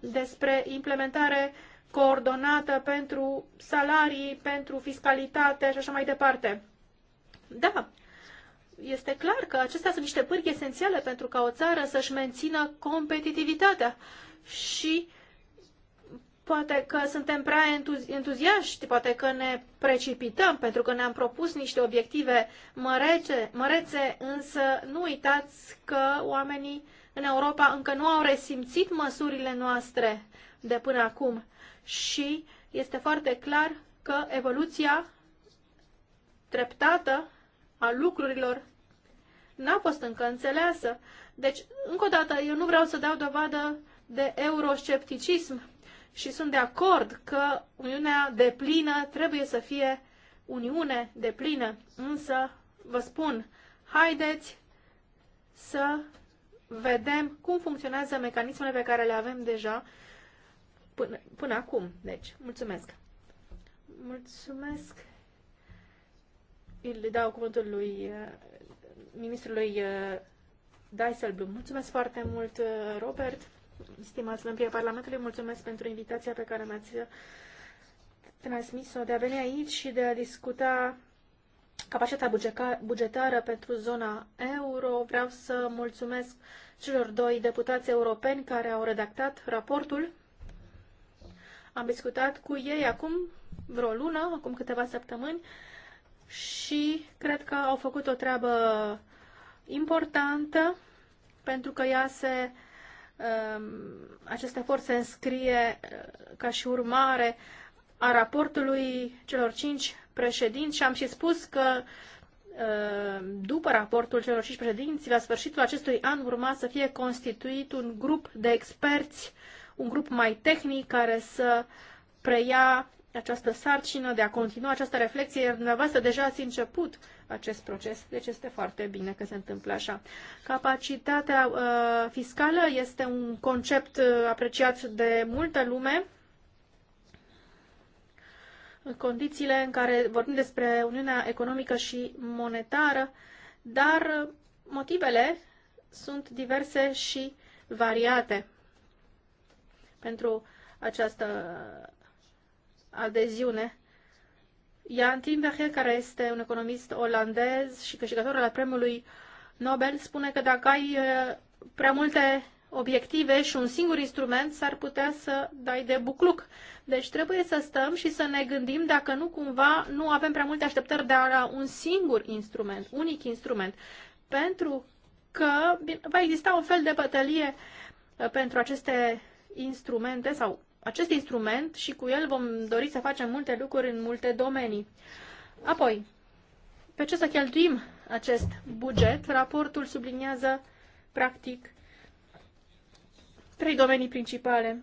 S1: despre implementare coordonată pentru salarii, pentru fiscalitate și așa mai departe. Da, este clar că acestea sunt niște pârghi esențiale pentru ca o țară să-și mențină competitivitatea și poate că suntem prea entuzi entuziaști, poate că ne precipităm pentru că ne-am propus niște obiective mărețe, mărețe, însă nu uitați că oamenii în Europa încă nu au resimțit măsurile noastre de până acum și este foarte clar că evoluția treptată a lucrurilor n-a fost încă înțeleasă. Deci, încă o dată, eu nu vreau să dau dovadă de euroscepticism și sunt de acord că Uniunea de plină trebuie să fie Uniune de plină. Însă, vă spun, haideți să vedem cum funcționează mecanismele pe care le avem deja până, până acum. Deci, mulțumesc! Mulțumesc! îi dau cuvântul lui uh, ministrului uh, Dijsselbloem. Mulțumesc foarte mult, uh, Robert, stimați membrii Parlamentului, mulțumesc pentru invitația pe care mi-ați transmis-o de a veni aici și de a discuta capacitatea bugetară pentru zona euro. Vreau să mulțumesc celor doi deputați europeni care au redactat raportul. Am discutat cu ei acum vreo lună, acum câteva săptămâni, și cred că au făcut o treabă importantă pentru că ea se, um, acest efort se înscrie uh, ca și urmare a raportului celor cinci președinți și am și spus că uh, după raportul celor cinci președinți, la sfârșitul acestui an urma să fie constituit un grup de experți, un grup mai tehnic care să preia această sarcină de a continua această reflexie, iar dumneavoastră deja ați început acest proces, deci este foarte bine că se întâmplă așa. Capacitatea uh, fiscală este un concept uh, apreciat de multă lume. În condițiile în care vorbim despre Uniunea Economică și Monetară, dar motivele sunt diverse și variate pentru această adeziune. Jan Timberger, care este un economist olandez și câștigător al premiului Nobel, spune că dacă ai prea multe obiective și un singur instrument, s-ar putea să dai de bucluc. Deci trebuie să stăm și să ne gândim dacă nu cumva nu avem prea multe așteptări de la un singur instrument, unic instrument. Pentru că va exista un fel de bătălie pentru aceste instrumente sau acest instrument și cu el vom dori să facem multe lucruri în multe domenii. Apoi, pe ce să cheltuim acest buget? Raportul subliniază, practic, trei domenii principale.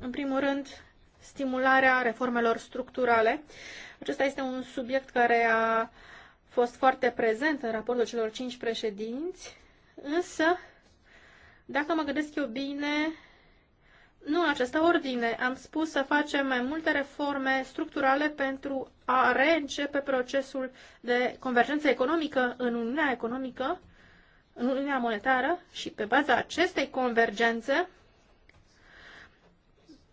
S1: În primul rând, stimularea reformelor structurale. Acesta este un subiect care a fost foarte prezent în raportul celor cinci președinți, însă, dacă mă gândesc eu bine, nu în această ordine. Am spus să facem mai multe reforme structurale pentru a reîncepe procesul de convergență economică în Uniunea Economică, în Uniunea Monetară și pe baza acestei convergențe,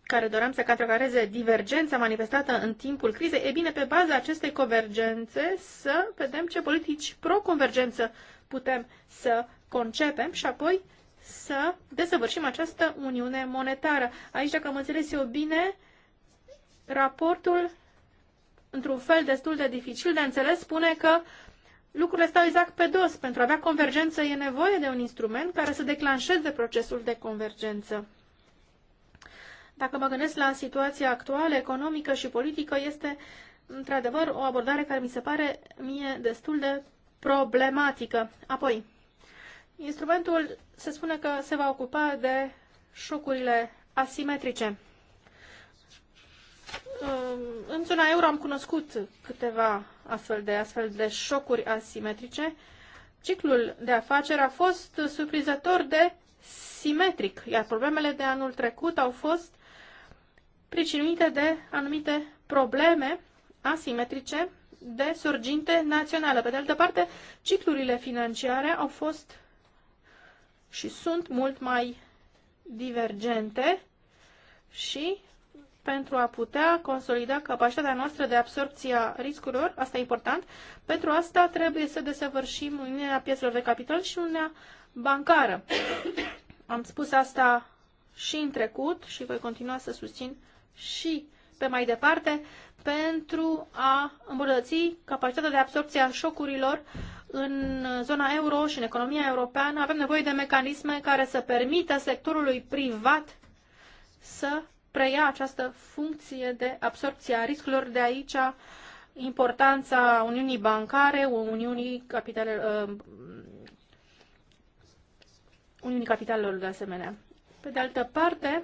S1: care doream să categorizeze divergența manifestată în timpul crizei, e bine, pe baza acestei convergențe să vedem ce politici pro-convergență putem să concepem și apoi să desăvârșim această uniune monetară. Aici, dacă am înțeles eu bine, raportul, într-un fel destul de dificil de înțeles, spune că lucrurile stau exact pe dos. Pentru a avea convergență e nevoie de un instrument care să declanșeze procesul de convergență. Dacă mă gândesc la situația actuală, economică și politică, este într-adevăr o abordare care mi se pare mie destul de problematică. Apoi, Instrumentul se spune că se va ocupa de șocurile asimetrice. În zona euro am cunoscut câteva astfel de, astfel de șocuri asimetrice. Ciclul de afaceri a fost surprizător de simetric, iar problemele de anul trecut au fost pricinuite de anumite probleme asimetrice de surginte națională. Pe de altă parte, ciclurile financiare au fost și sunt mult mai divergente și pentru a putea consolida capacitatea noastră de absorpție a riscurilor, asta e important, pentru asta trebuie să desăvârșim uniunea pieselor de capital și uniunea bancară. Am spus asta și în trecut și voi continua să susțin și pe mai departe pentru a îmbunătăți capacitatea de absorpție a șocurilor în zona euro și în economia europeană avem nevoie de mecanisme care să permită sectorului privat să preia această funcție de absorpție a riscurilor. De aici importanța Uniunii Bancare, Uniunii, Capitale, uh, Uniunii Capitalelor de asemenea. Pe de altă parte,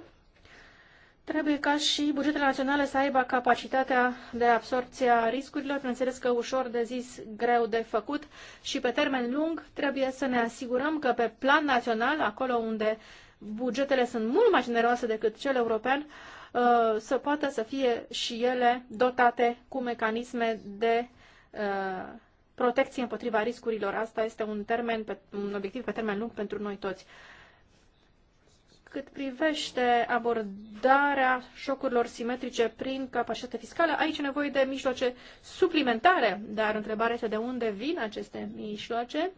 S1: Trebuie ca și bugetele naționale să aibă capacitatea de absorpție a riscurilor, bineînțeles că ușor de zis, greu de făcut și pe termen lung trebuie să ne asigurăm că pe plan național, acolo unde bugetele sunt mult mai generoase decât cel european, uh, să poată să fie și ele dotate cu mecanisme de uh, protecție împotriva riscurilor. Asta este un termen, un obiectiv pe termen lung pentru noi toți. Cât privește abordarea șocurilor simetrice prin capacitate fiscală, aici e nevoie de mijloace suplimentare, dar întrebarea este de unde vin aceste mijloace.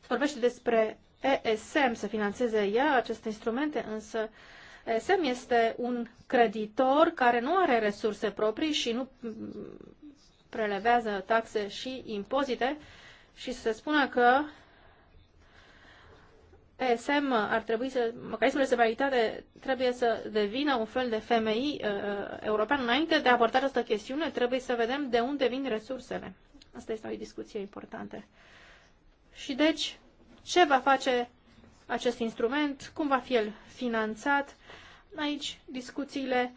S1: Se vorbește despre ESM să financeze ea aceste instrumente, însă ESM este un creditor care nu are resurse proprii și nu prelevează taxe și impozite și se spune că ESM ar trebui să, mecanismul de severitate trebuie să devină un fel de FMI uh, uh, european. Înainte de a aborda această chestiune, trebuie să vedem de unde vin resursele. Asta este o discuție importantă. Și deci, ce va face acest instrument, cum va fi el finanțat. Aici discuțiile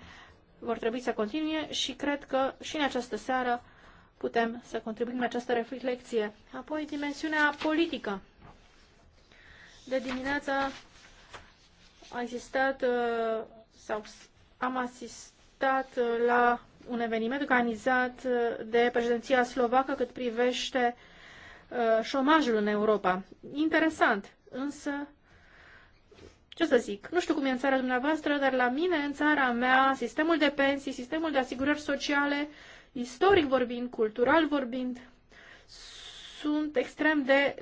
S1: vor trebui să continue și cred că și în această seară putem să contribuim la această reflexie. Apoi, dimensiunea politică de dimineața a uh, sau am asistat uh, la un eveniment organizat uh, de președinția slovacă cât privește șomajul în Europa. Interesant, însă, ce să zic, nu știu cum e în țara dumneavoastră, dar la mine, în țara mea, sistemul de pensii, sistemul de asigurări sociale, istoric vorbind, cultural vorbind, sunt extrem de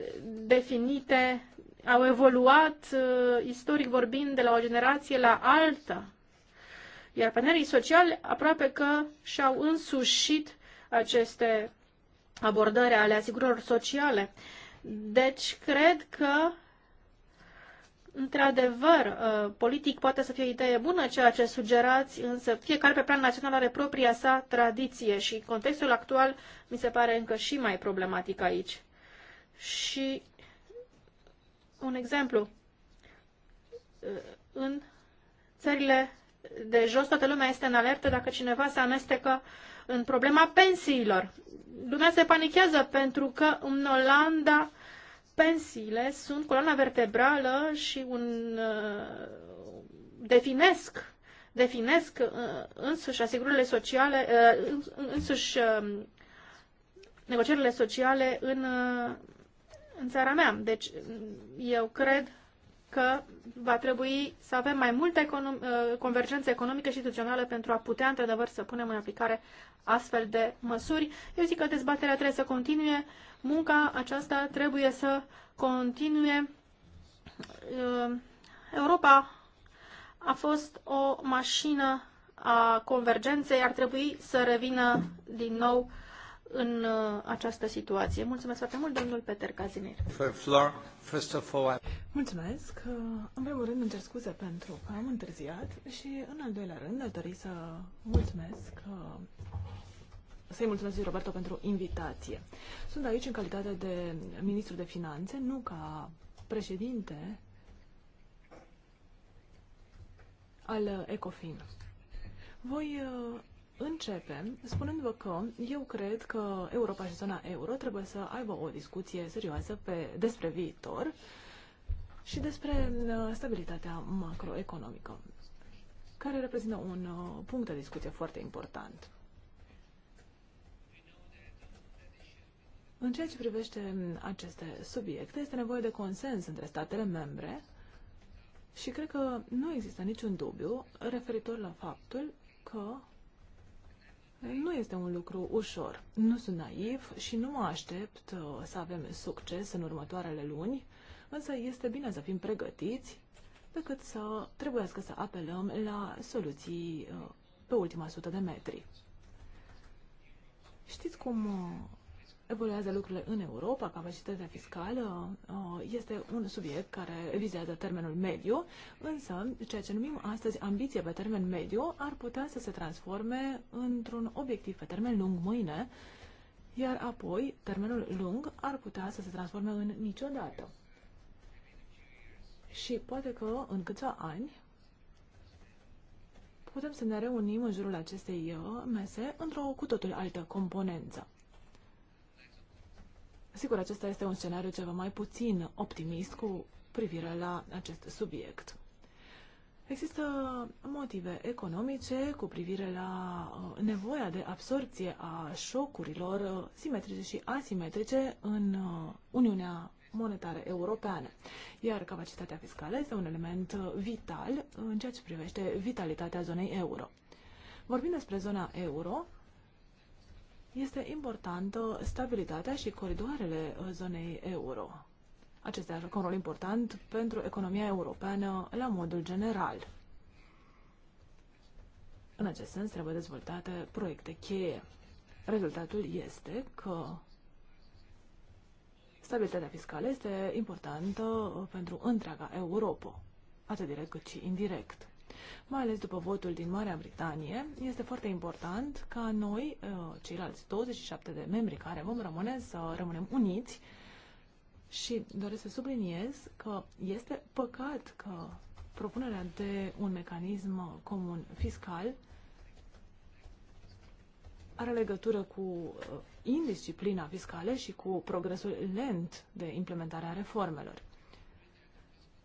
S1: definite, au evoluat uh, istoric vorbind de la o generație la alta. Iar panerii sociali aproape că și-au însușit aceste abordări ale asigurărilor sociale. Deci, cred că Într-adevăr, uh, politic poate să fie o idee bună ceea ce sugerați, însă fiecare pe plan național are propria sa tradiție și contextul actual mi se pare încă și mai problematic aici. Și un exemplu. Uh, în țările de jos toată lumea este în alertă dacă cineva se amestecă în problema pensiilor. Lumea se panichează pentru că în Olanda pensiile sunt coloana vertebrală și un uh, definesc definesc uh, însuși asigurările sociale, uh, însuși um, negocierile sociale în, în țara mea. Deci eu cred că va trebui să avem mai multă econom- convergență economică și instituțională pentru a putea, într-adevăr, să punem în aplicare astfel de măsuri. Eu zic că dezbaterea trebuie să continue Munca aceasta trebuie să continue. Uh, Europa a fost o mașină a convergenței, ar trebui să revină din nou în uh, această situație. Mulțumesc foarte mult, domnul Peter Cazimir.
S2: Mulțumesc. În primul rând, îmi cer scuze pentru că am întârziat și, în al doilea rând, aș dori să mulțumesc uh, să-i mulțumesc Roberto pentru invitație. Sunt aici în calitate de ministru de finanțe, nu ca președinte al ECOFIN. Voi uh, începe spunându-vă că eu cred că Europa și zona euro trebuie să aibă o discuție serioasă pe, despre viitor și despre uh, stabilitatea macroeconomică, care reprezintă un uh, punct de discuție foarte important. În ceea ce privește aceste subiecte, este nevoie de consens între statele membre și cred că nu există niciun dubiu referitor la faptul că nu este un lucru ușor. Nu sunt naiv și nu mă aștept uh, să avem succes în următoarele luni, însă este bine să fim pregătiți decât să trebuiască să apelăm la soluții uh, pe ultima sută de metri. Știți cum uh, evoluează lucrurile în Europa, capacitatea fiscală uh, este un subiect care vizează termenul mediu, însă ceea ce numim astăzi ambiție pe termen mediu ar putea să se transforme într-un obiectiv pe termen lung mâine, iar apoi termenul lung ar putea să se transforme în niciodată. Și poate că în câțiva ani putem să ne reunim în jurul acestei uh, mese într-o cu totul altă componență. Sigur, acesta este un scenariu ceva mai puțin optimist cu privire la acest subiect. Există motive economice cu privire la uh, nevoia de absorpție a șocurilor uh, simetrice și asimetrice în uh, Uniunea Monetară Europeană, iar capacitatea fiscală este un element vital în ceea ce privește vitalitatea zonei euro. Vorbind despre zona euro, este importantă stabilitatea și coridoarele uh, zonei euro. Acestea joacă un rol important pentru economia europeană la modul general. În acest sens, trebuie dezvoltate proiecte cheie. Rezultatul este că stabilitatea fiscală este importantă uh, pentru întreaga Europa, atât direct cât și indirect mai ales după votul din Marea Britanie, este foarte important ca noi, uh, ceilalți 27 de membri care vom rămâne, să rămânem uniți și doresc să subliniez că este păcat că propunerea de un mecanism comun fiscal are legătură cu uh, indisciplina fiscală și cu progresul lent de implementare a reformelor.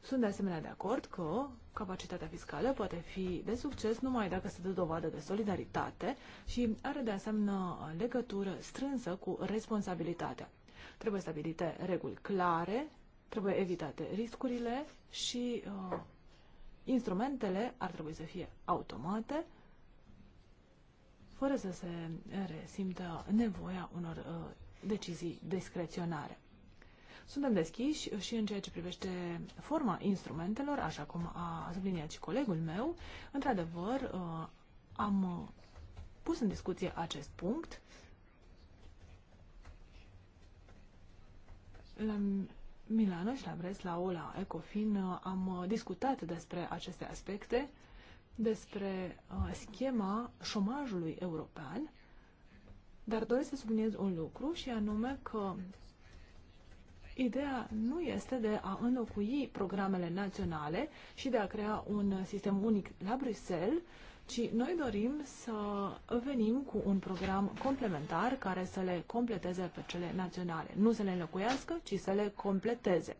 S2: Sunt de asemenea de acord că capacitatea fiscală poate fi de succes numai dacă se dă dovadă de solidaritate și are de asemenea legătură strânsă cu responsabilitatea. Trebuie stabilite reguli clare, trebuie evitate riscurile și uh, instrumentele ar trebui să fie automate, fără să se resimtă nevoia unor uh, decizii discreționare. Suntem deschiși și în ceea ce privește forma instrumentelor, așa cum a subliniat și colegul meu. Într-adevăr, uh, am pus în discuție acest punct. La Milano și la Breslau, la Ecofin, uh, am discutat despre aceste aspecte, despre uh, schema șomajului european, dar doresc să subliniez un lucru și anume că Ideea nu este de a înlocui programele naționale și de a crea un sistem unic la Bruxelles, ci noi dorim să venim cu un program complementar care să le completeze pe cele naționale. Nu să le înlocuiască, ci să le completeze.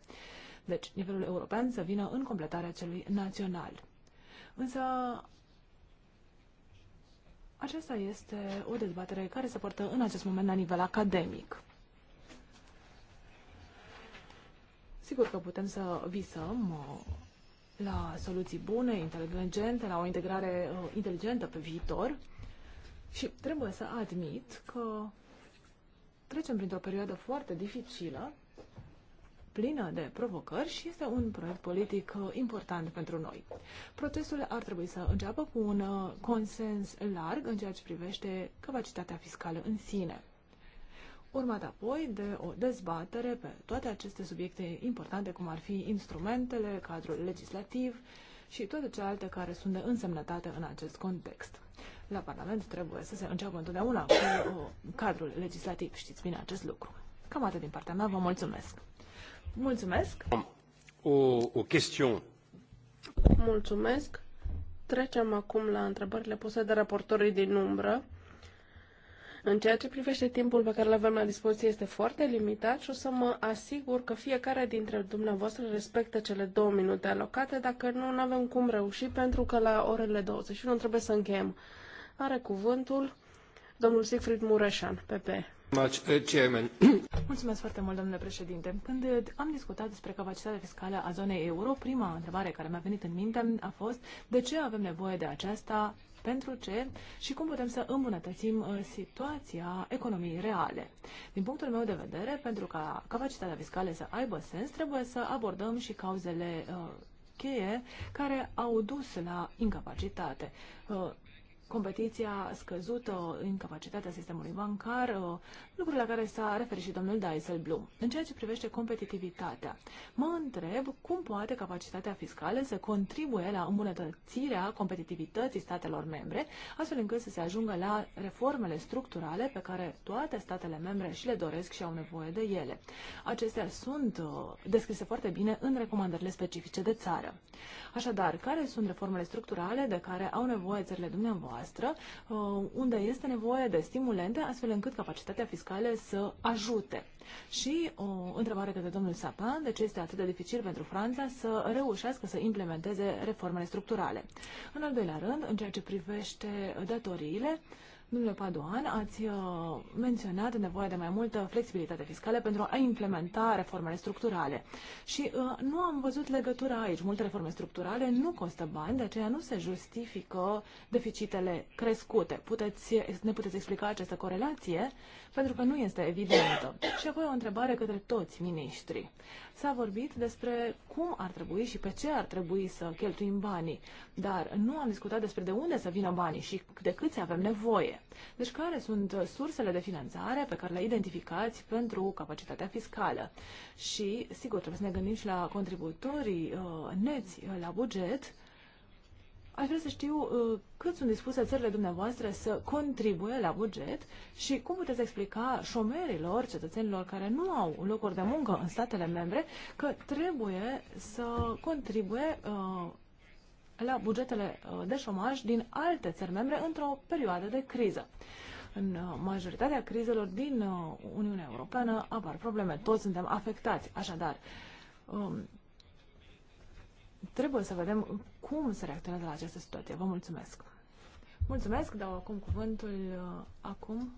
S2: Deci, nivelul european să vină în completarea celui național. Însă, aceasta este o dezbatere care se poartă în acest moment la nivel academic. Sigur că putem să visăm uh, la soluții bune, inteligente, la o integrare uh, inteligentă pe viitor și trebuie să admit că trecem printr-o perioadă foarte dificilă, plină de provocări și este un proiect politic uh, important pentru noi. Procesul ar trebui să înceapă cu un consens larg în ceea ce privește capacitatea fiscală în sine urmat apoi de o dezbatere pe toate aceste subiecte importante, cum ar fi instrumentele, cadrul legislativ și toate celelalte care sunt de însemnătate în acest context. La Parlament trebuie să se înceapă întotdeauna cu uh, cadrul legislativ, știți bine acest lucru. Cam atât din partea mea, vă mulțumesc. Mulțumesc. O, o chestiune. Mulțumesc. Trecem
S3: acum la întrebările puse de raportorii din umbră. În ceea ce privește timpul pe care îl avem la dispoziție este foarte limitat și o să mă asigur că fiecare dintre dumneavoastră respectă cele două minute alocate, dacă nu, nu avem cum reuși, pentru că la orele 21 trebuie să încheiem. Are cuvântul domnul Siegfried Mureșan, PP.
S1: Uh,
S2: Mulțumesc foarte mult, domnule președinte. Când uh, am discutat despre capacitatea fiscală a zonei euro, prima întrebare care mi-a venit în minte a fost de ce avem nevoie de aceasta pentru ce și cum putem să îmbunătățim uh, situația economiei reale. Din punctul meu de vedere, pentru ca capacitatea fiscală să aibă sens, trebuie să abordăm și cauzele uh, cheie care au dus la incapacitate. Uh, competiția scăzută, uh, incapacitatea sistemului bancar, uh, lucruri la care s-a referit și domnul Dijsselbloem. În ceea ce privește competitivitatea, mă întreb cum poate capacitatea fiscală să contribuie la îmbunătățirea competitivității statelor membre, astfel încât să se ajungă la reformele structurale pe care toate statele membre și le doresc și au nevoie de ele. Acestea sunt uh, descrise foarte bine în recomandările specifice de țară. Așadar, care sunt reformele structurale de care au nevoie țările dumneavoastră dumneavoastră, uh, unde este nevoie de stimulente, astfel încât capacitatea fiscală să ajute. Și o uh, întrebare către domnul Sapan, de ce este atât de dificil pentru Franța să reușească să implementeze reformele structurale. În al doilea rând, în ceea ce privește datoriile, Domnule Paduan, ați uh, menționat nevoia de mai multă flexibilitate fiscală pentru a implementa reformele structurale. Și uh, nu am văzut legătura aici. Multe reforme structurale nu costă bani, de aceea nu se justifică deficitele crescute. Puteți, ne puteți explica această corelație? pentru că nu este evidentă. Și apoi o întrebare către toți miniștrii. S-a vorbit despre cum ar trebui și pe ce ar trebui să cheltuim banii, dar nu am discutat despre de unde să vină banii și de câți avem nevoie. Deci care sunt sursele de finanțare pe care le identificați pentru capacitatea fiscală? Și, sigur, trebuie să ne gândim și la contributorii uh, neți uh, la buget, Aș vrea să știu uh, cât sunt dispuse țările dumneavoastră să contribuie la buget și cum puteți explica șomerilor, cetățenilor care nu au locuri de muncă în statele membre, că trebuie să contribuie uh, la bugetele uh, de șomaj din alte țări membre într-o perioadă de criză. În majoritatea crizelor din Uniunea Europeană apar probleme, toți suntem afectați, așadar um, trebuie să vedem cum se reacționează la această situație. Vă mulțumesc! Mulțumesc, dau acum cuvântul uh, acum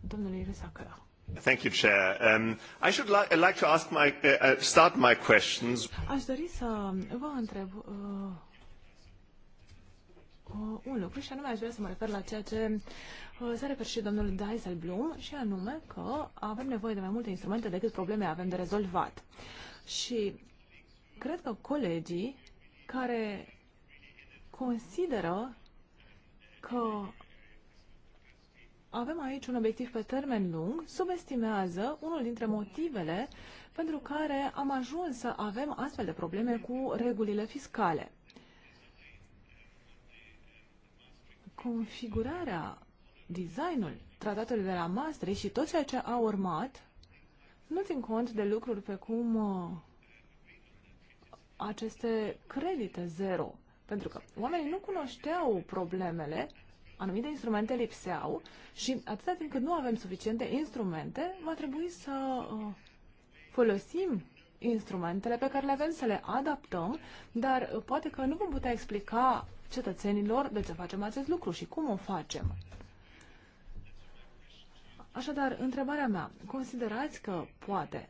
S2: domnului Risacăra. Thank you, Chair. Um, I should li like to ask my, uh, uh, start my questions. Aș dori să vă întreb uh, uh, un lucru și anume aș vrea să mă refer la ceea ce uh, s-a referit și domnul Dijsselbloem și anume că avem nevoie de mai multe instrumente decât probleme avem de rezolvat. Și cred că colegii care consideră că avem aici un obiectiv pe termen lung, subestimează unul dintre motivele pentru care am ajuns să avem astfel de probleme cu regulile fiscale. Configurarea, designul tratatului de la Maastricht și tot ceea ce a urmat nu țin cont de lucruri cum aceste credite zero. Pentru că oamenii nu cunoșteau problemele, anumite instrumente lipseau și atâta timp cât nu avem suficiente instrumente, va trebui să uh, folosim instrumentele pe care le avem să le adaptăm, dar uh, poate că nu vom putea explica cetățenilor de ce facem acest lucru și cum o facem. Așadar, întrebarea mea, considerați că poate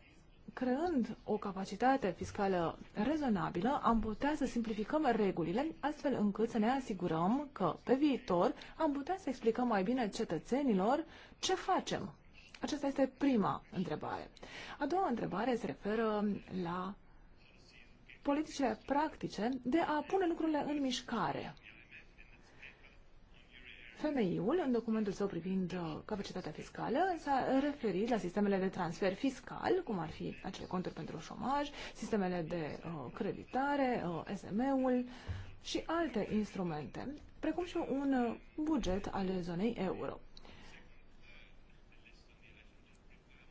S2: creând o capacitate fiscală rezonabilă, am putea să simplificăm regulile, astfel încât să ne asigurăm că pe viitor am putea să explicăm mai bine cetățenilor ce facem. Aceasta este prima întrebare. A doua întrebare se referă la politicile practice de a pune lucrurile în mișcare. FMI-ul, în documentul său privind uh, capacitatea fiscală, s-a referit la sistemele de transfer fiscal, cum ar fi acele conturi pentru șomaj, sistemele de uh, creditare, uh, SM-ul și alte instrumente, precum și un uh, buget al zonei euro.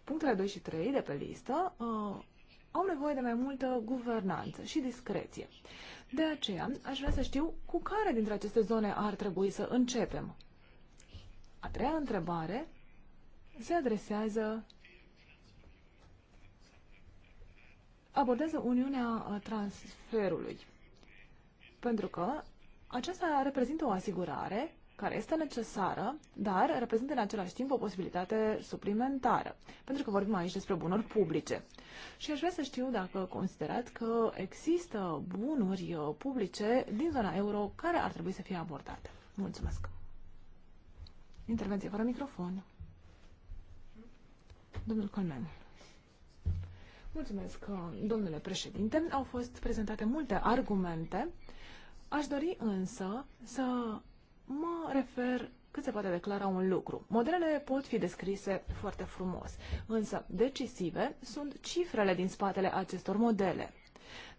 S2: Punctele 2 și 3 de pe listă uh, au nevoie de mai multă guvernanță și discreție. De aceea, aș vrea să știu cu care dintre aceste zone ar trebui să începem. A treia întrebare se adresează abordează Uniunea uh, Transferului. Pentru că aceasta reprezintă o asigurare care este necesară, dar reprezintă în același timp o posibilitate suplimentară, pentru că vorbim aici despre bunuri publice. Și aș vrea să știu dacă considerați că există bunuri uh, publice din zona euro care ar trebui să fie abordate. Mulțumesc! Intervenție fără microfon. Domnul Colmen. Mulțumesc, uh, domnule președinte. Au fost prezentate multe argumente. Aș dori însă să mă refer cât se poate declara un lucru. Modelele pot fi descrise foarte frumos, însă decisive sunt cifrele din spatele acestor modele.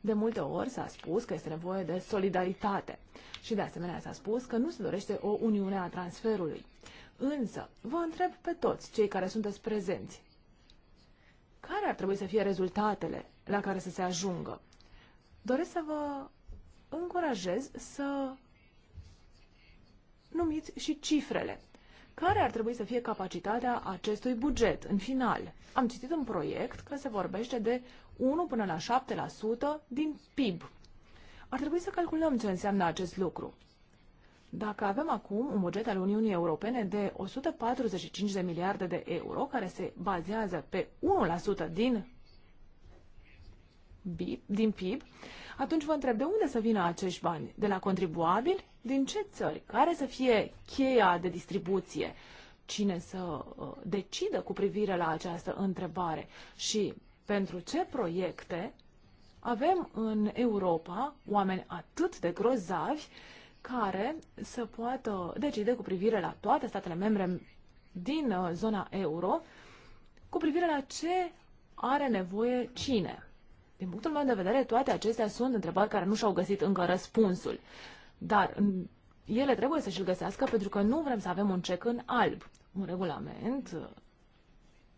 S2: De multe ori s-a spus că este nevoie de solidaritate și de asemenea s-a spus că nu se dorește o uniune a transferului. Însă, vă întreb pe toți cei care sunteți prezenți, care ar trebui să fie rezultatele la care să se ajungă? Doresc să vă încurajez să numiți și cifrele. Care ar trebui să fie capacitatea acestui buget în final? Am citit în proiect că se vorbește de 1 până la 7% din PIB. Ar trebui să calculăm ce înseamnă acest lucru. Dacă avem acum un buget al Uniunii Europene de 145 de miliarde de euro, care se bazează pe 1% din, BIP, din PIB, atunci vă întreb de unde să vină acești bani? De la contribuabili? Din ce țări? Care să fie cheia de distribuție? Cine să uh, decidă cu privire la această întrebare? Și pentru ce proiecte avem în Europa oameni atât de grozavi care să poată decide cu privire la toate statele membre din uh, zona euro cu privire la ce are nevoie cine. Din punctul meu de vedere, toate acestea sunt întrebări care nu și-au găsit încă răspunsul. Dar ele trebuie să-și găsească pentru că nu vrem să avem un cec în alb. Un regulament uh,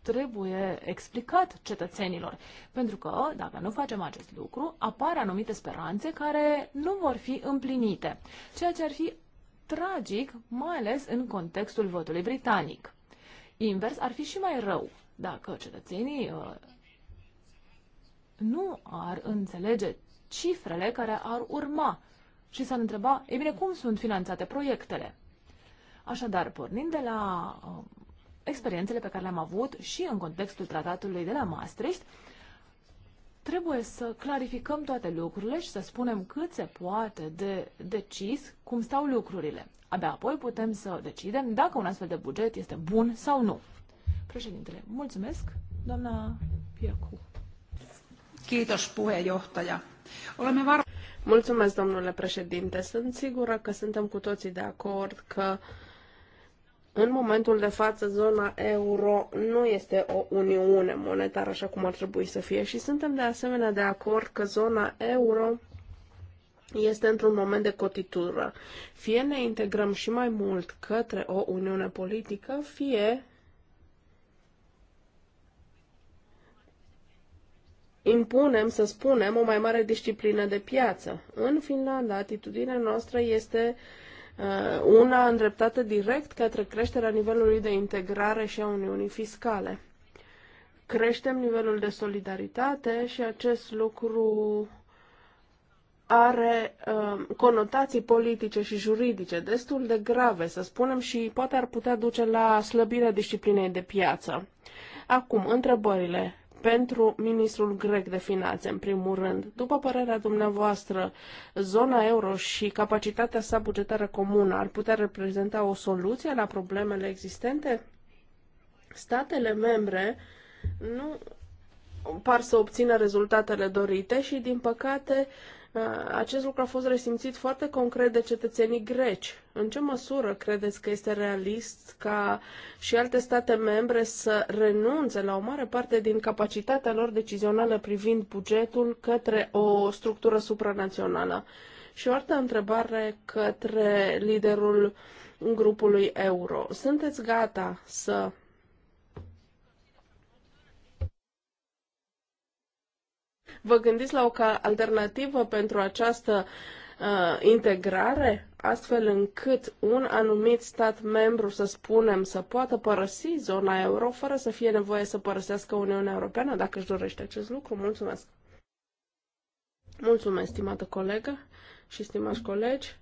S2: trebuie explicat cetățenilor, pentru că dacă nu facem acest lucru, apar anumite speranțe care nu vor fi împlinite, ceea ce ar fi tragic, mai ales în contextul votului britanic. Invers, ar fi și mai rău dacă cetățenii uh, nu ar înțelege cifrele care ar urma și s-ar întreba, ei bine, cum sunt finanțate proiectele? Așadar, pornind de la uh, experiențele pe care le-am avut și în contextul tratatului de la Maastricht, trebuie să clarificăm toate lucrurile și să spunem cât se poate de decis cum stau lucrurile. Abia apoi putem să decidem dacă un astfel de buget este bun sau nu. Președintele, mulțumesc, doamna Piacu.
S3: Kiitos puheenjohtaja. Olemme var- Mulțumesc, domnule președinte. Sunt sigură că suntem cu toții de acord că în momentul de față, zona euro nu este o uniune monetară așa cum ar trebui să fie și suntem de asemenea de acord că zona euro este într-un moment de cotitură. Fie ne integrăm și mai mult către o uniune politică, fie impunem, să spunem, o mai mare disciplină de piață. În Finlanda, atitudinea noastră este uh, una îndreptată direct către creșterea nivelului de integrare și a Uniunii Fiscale. Creștem nivelul de solidaritate și acest lucru are uh, conotații politice și juridice destul de grave, să spunem, și poate ar putea duce la slăbirea disciplinei de piață. Acum, întrebările pentru ministrul grec de finanțe, în primul rând. După părerea dumneavoastră, zona euro și capacitatea sa bugetară comună ar putea reprezenta o soluție la problemele existente? Statele membre nu par să obțină rezultatele dorite și, din păcate, uh, Uh, acest lucru a fost resimțit foarte concret de cetățenii greci. În ce măsură credeți că este realist ca și alte state membre să renunțe la o mare parte din capacitatea lor decizională privind bugetul către o structură supranațională? Și o altă întrebare către liderul grupului euro. Sunteți gata să Vă gândiți la o alternativă pentru această uh, integrare, astfel încât un anumit stat membru, să spunem, să poată părăsi zona euro fără să fie nevoie să părăsească Uniunea Europeană, dacă își dorește acest lucru? Mulțumesc! Mulțumesc, stimată colegă și stimați colegi.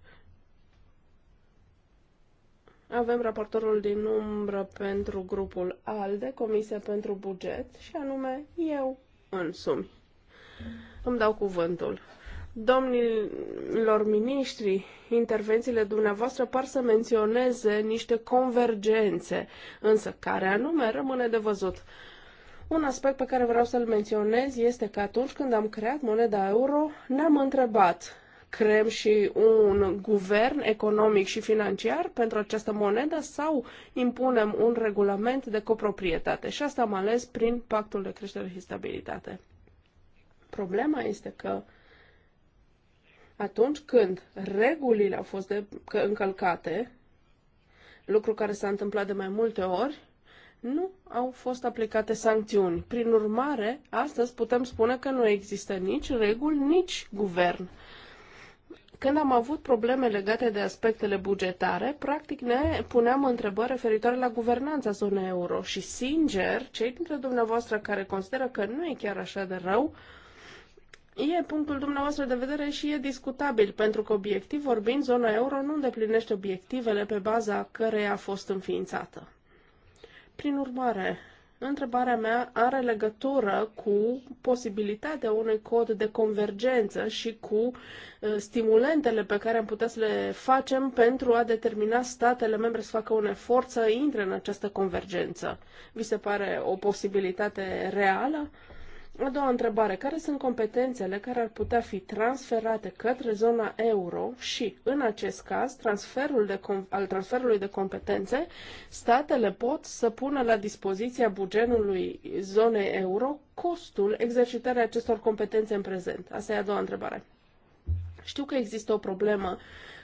S3: Avem raportorul din umbră pentru grupul ALDE, Comisia pentru Buget, și anume eu însumi îmi dau cuvântul. Domnilor miniștri, intervențiile dumneavoastră par să menționeze niște convergențe, însă care anume rămâne de văzut. Un aspect pe care vreau să-l menționez este că atunci când am creat moneda euro, ne-am întrebat creăm și un guvern economic și financiar pentru această monedă sau impunem un regulament de coproprietate. Și asta am ales prin pactul de creștere și stabilitate. Problema este că atunci când regulile au fost de, că încălcate, lucru care s-a întâmplat de mai multe ori, nu au fost aplicate sancțiuni. Prin urmare, astăzi putem spune că nu există nici reguli, nici guvern. Când am avut probleme legate de aspectele bugetare, practic ne puneam întrebări referitoare la guvernanța zonei euro și, sincer, cei dintre dumneavoastră care consideră că nu e chiar așa de rău, E punctul dumneavoastră de vedere și e discutabil, pentru că, obiectiv vorbind, zona euro nu îndeplinește obiectivele pe baza care a fost înființată. Prin urmare, întrebarea mea are legătură cu posibilitatea unui cod de convergență și cu uh, stimulentele pe care am putea să le facem pentru a determina statele membre să facă un efort să intre în această convergență. Vi se pare o posibilitate reală? A doua întrebare. Care sunt competențele care ar putea fi transferate către zona euro și, în acest caz, transferul de, al transferului de competențe, statele pot să pună la dispoziția bugetului zonei euro costul exercitării acestor competențe în prezent? Asta e a doua întrebare. Știu că există o problemă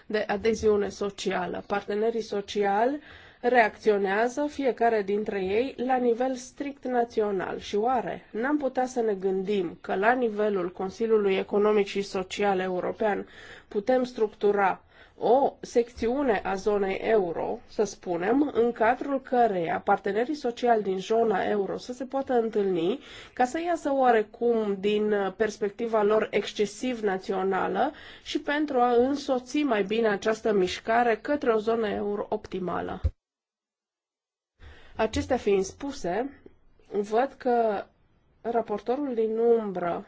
S3: de adeziune socială. Partenerii sociali uh, reacționează fiecare dintre ei la nivel strict național. Și oare n-am putea să ne gândim că la nivelul Consiliului Economic și Social European putem structura o secțiune a zonei euro, să spunem, în cadrul căreia partenerii sociali din zona euro să se poată întâlni ca să iasă oarecum din perspectiva lor excesiv națională și pentru a însoți mai bine această mișcare către o zonă euro optimală. Acestea fiind spuse, văd că raportorul din umbră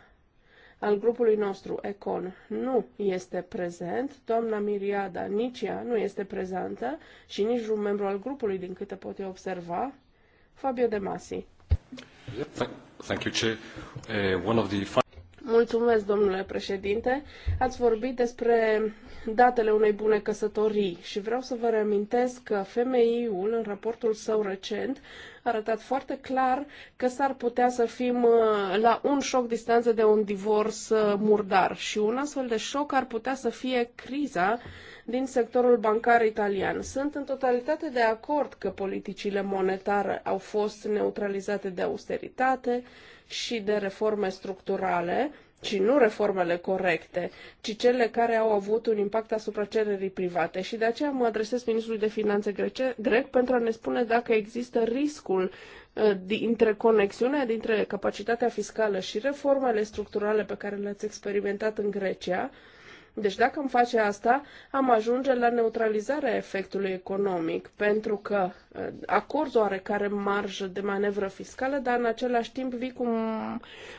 S3: al grupului nostru Econ nu este prezent, doamna Miriada nici ea nu este prezentă și nici un membru al grupului, din câte pot eu observa, Fabio De Masi.
S2: Thank you, Chair. Uh, one of the
S3: Mulțumesc, domnule președinte. Ați vorbit despre datele unei bune căsătorii și vreau să vă reamintesc că FMI-ul, în raportul său recent, a arătat foarte clar că s-ar putea să fim uh, la un șoc distanță de un divorț uh, murdar și un astfel de șoc ar putea să fie criza din sectorul bancar italian. Sunt în totalitate de acord că politicile monetare au fost neutralizate de austeritate, și de reforme structurale, și nu reformele corecte, ci cele care au avut un impact asupra cererii private. Și de aceea mă adresez ministrului de finanțe grece, grec pentru a ne spune dacă există riscul uh, dintre conexiunea dintre capacitatea fiscală și reformele structurale pe care le-ați experimentat în Grecia, uh, deci dacă am face asta, am ajunge la neutralizarea efectului economic, pentru că uh, acord oarecare marjă de manevră fiscală, dar în același timp vii cu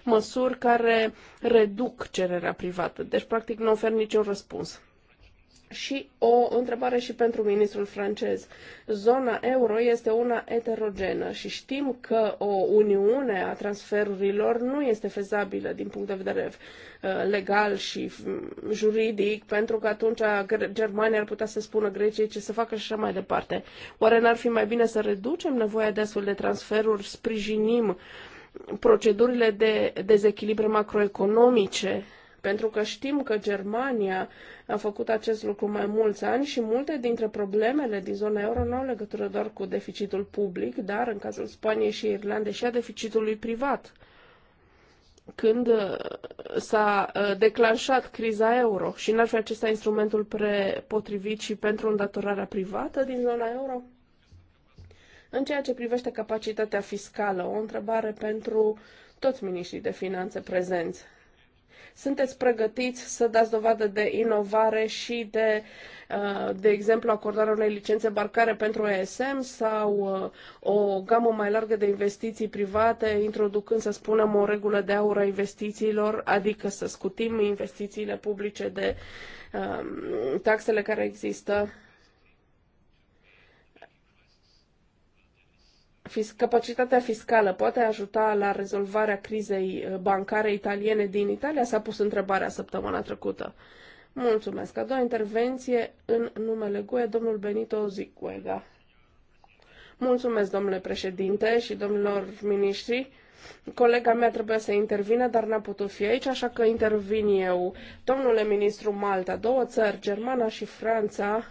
S3: măsuri care reduc cererea privată. Deci, practic, nu ofer niciun răspuns. Și o întrebare și pentru ministrul francez. Zona euro este una eterogenă și știm că o uniune a transferurilor nu este fezabilă din punct de vedere uh, legal și mm, juridic, pentru că atunci Germania ar putea să spună Greciei ce să facă și așa mai departe. Oare n-ar fi mai bine să reducem nevoia de astfel de transferuri, sprijinim procedurile de dezechilibre macroeconomice pentru că știm că Germania am făcut acest lucru mai mulți ani și multe dintre problemele din zona euro nu au legătură doar cu deficitul public, dar în cazul Spaniei și Irlandei și a deficitului privat. Când uh, s-a uh, declanșat criza euro și n-ar fi acesta instrumentul potrivit și pentru îndatorarea privată din zona euro? În ceea ce privește capacitatea fiscală, o întrebare pentru toți miniștrii de finanțe prezenți. Sunteți pregătiți să dați dovadă de inovare și de, uh, de exemplu, acordarea unei licențe barcare pentru ESM sau uh, o gamă mai largă de investiții private, introducând, să spunem, o regulă de aur a investițiilor, adică să scutim investițiile publice de uh, taxele care există capacitatea fiscală poate ajuta la rezolvarea crizei uh, bancare italiene din Italia? S-a pus întrebarea săptămâna trecută. Mulțumesc. A doua intervenție în numele GUE, domnul Benito Zicuega. Mulțumesc, domnule președinte și domnilor miniștri. Colega mea trebuie să intervină, dar n-a putut fi aici, așa că intervin eu. Domnule ministru Malta, două țări, Germana și Franța,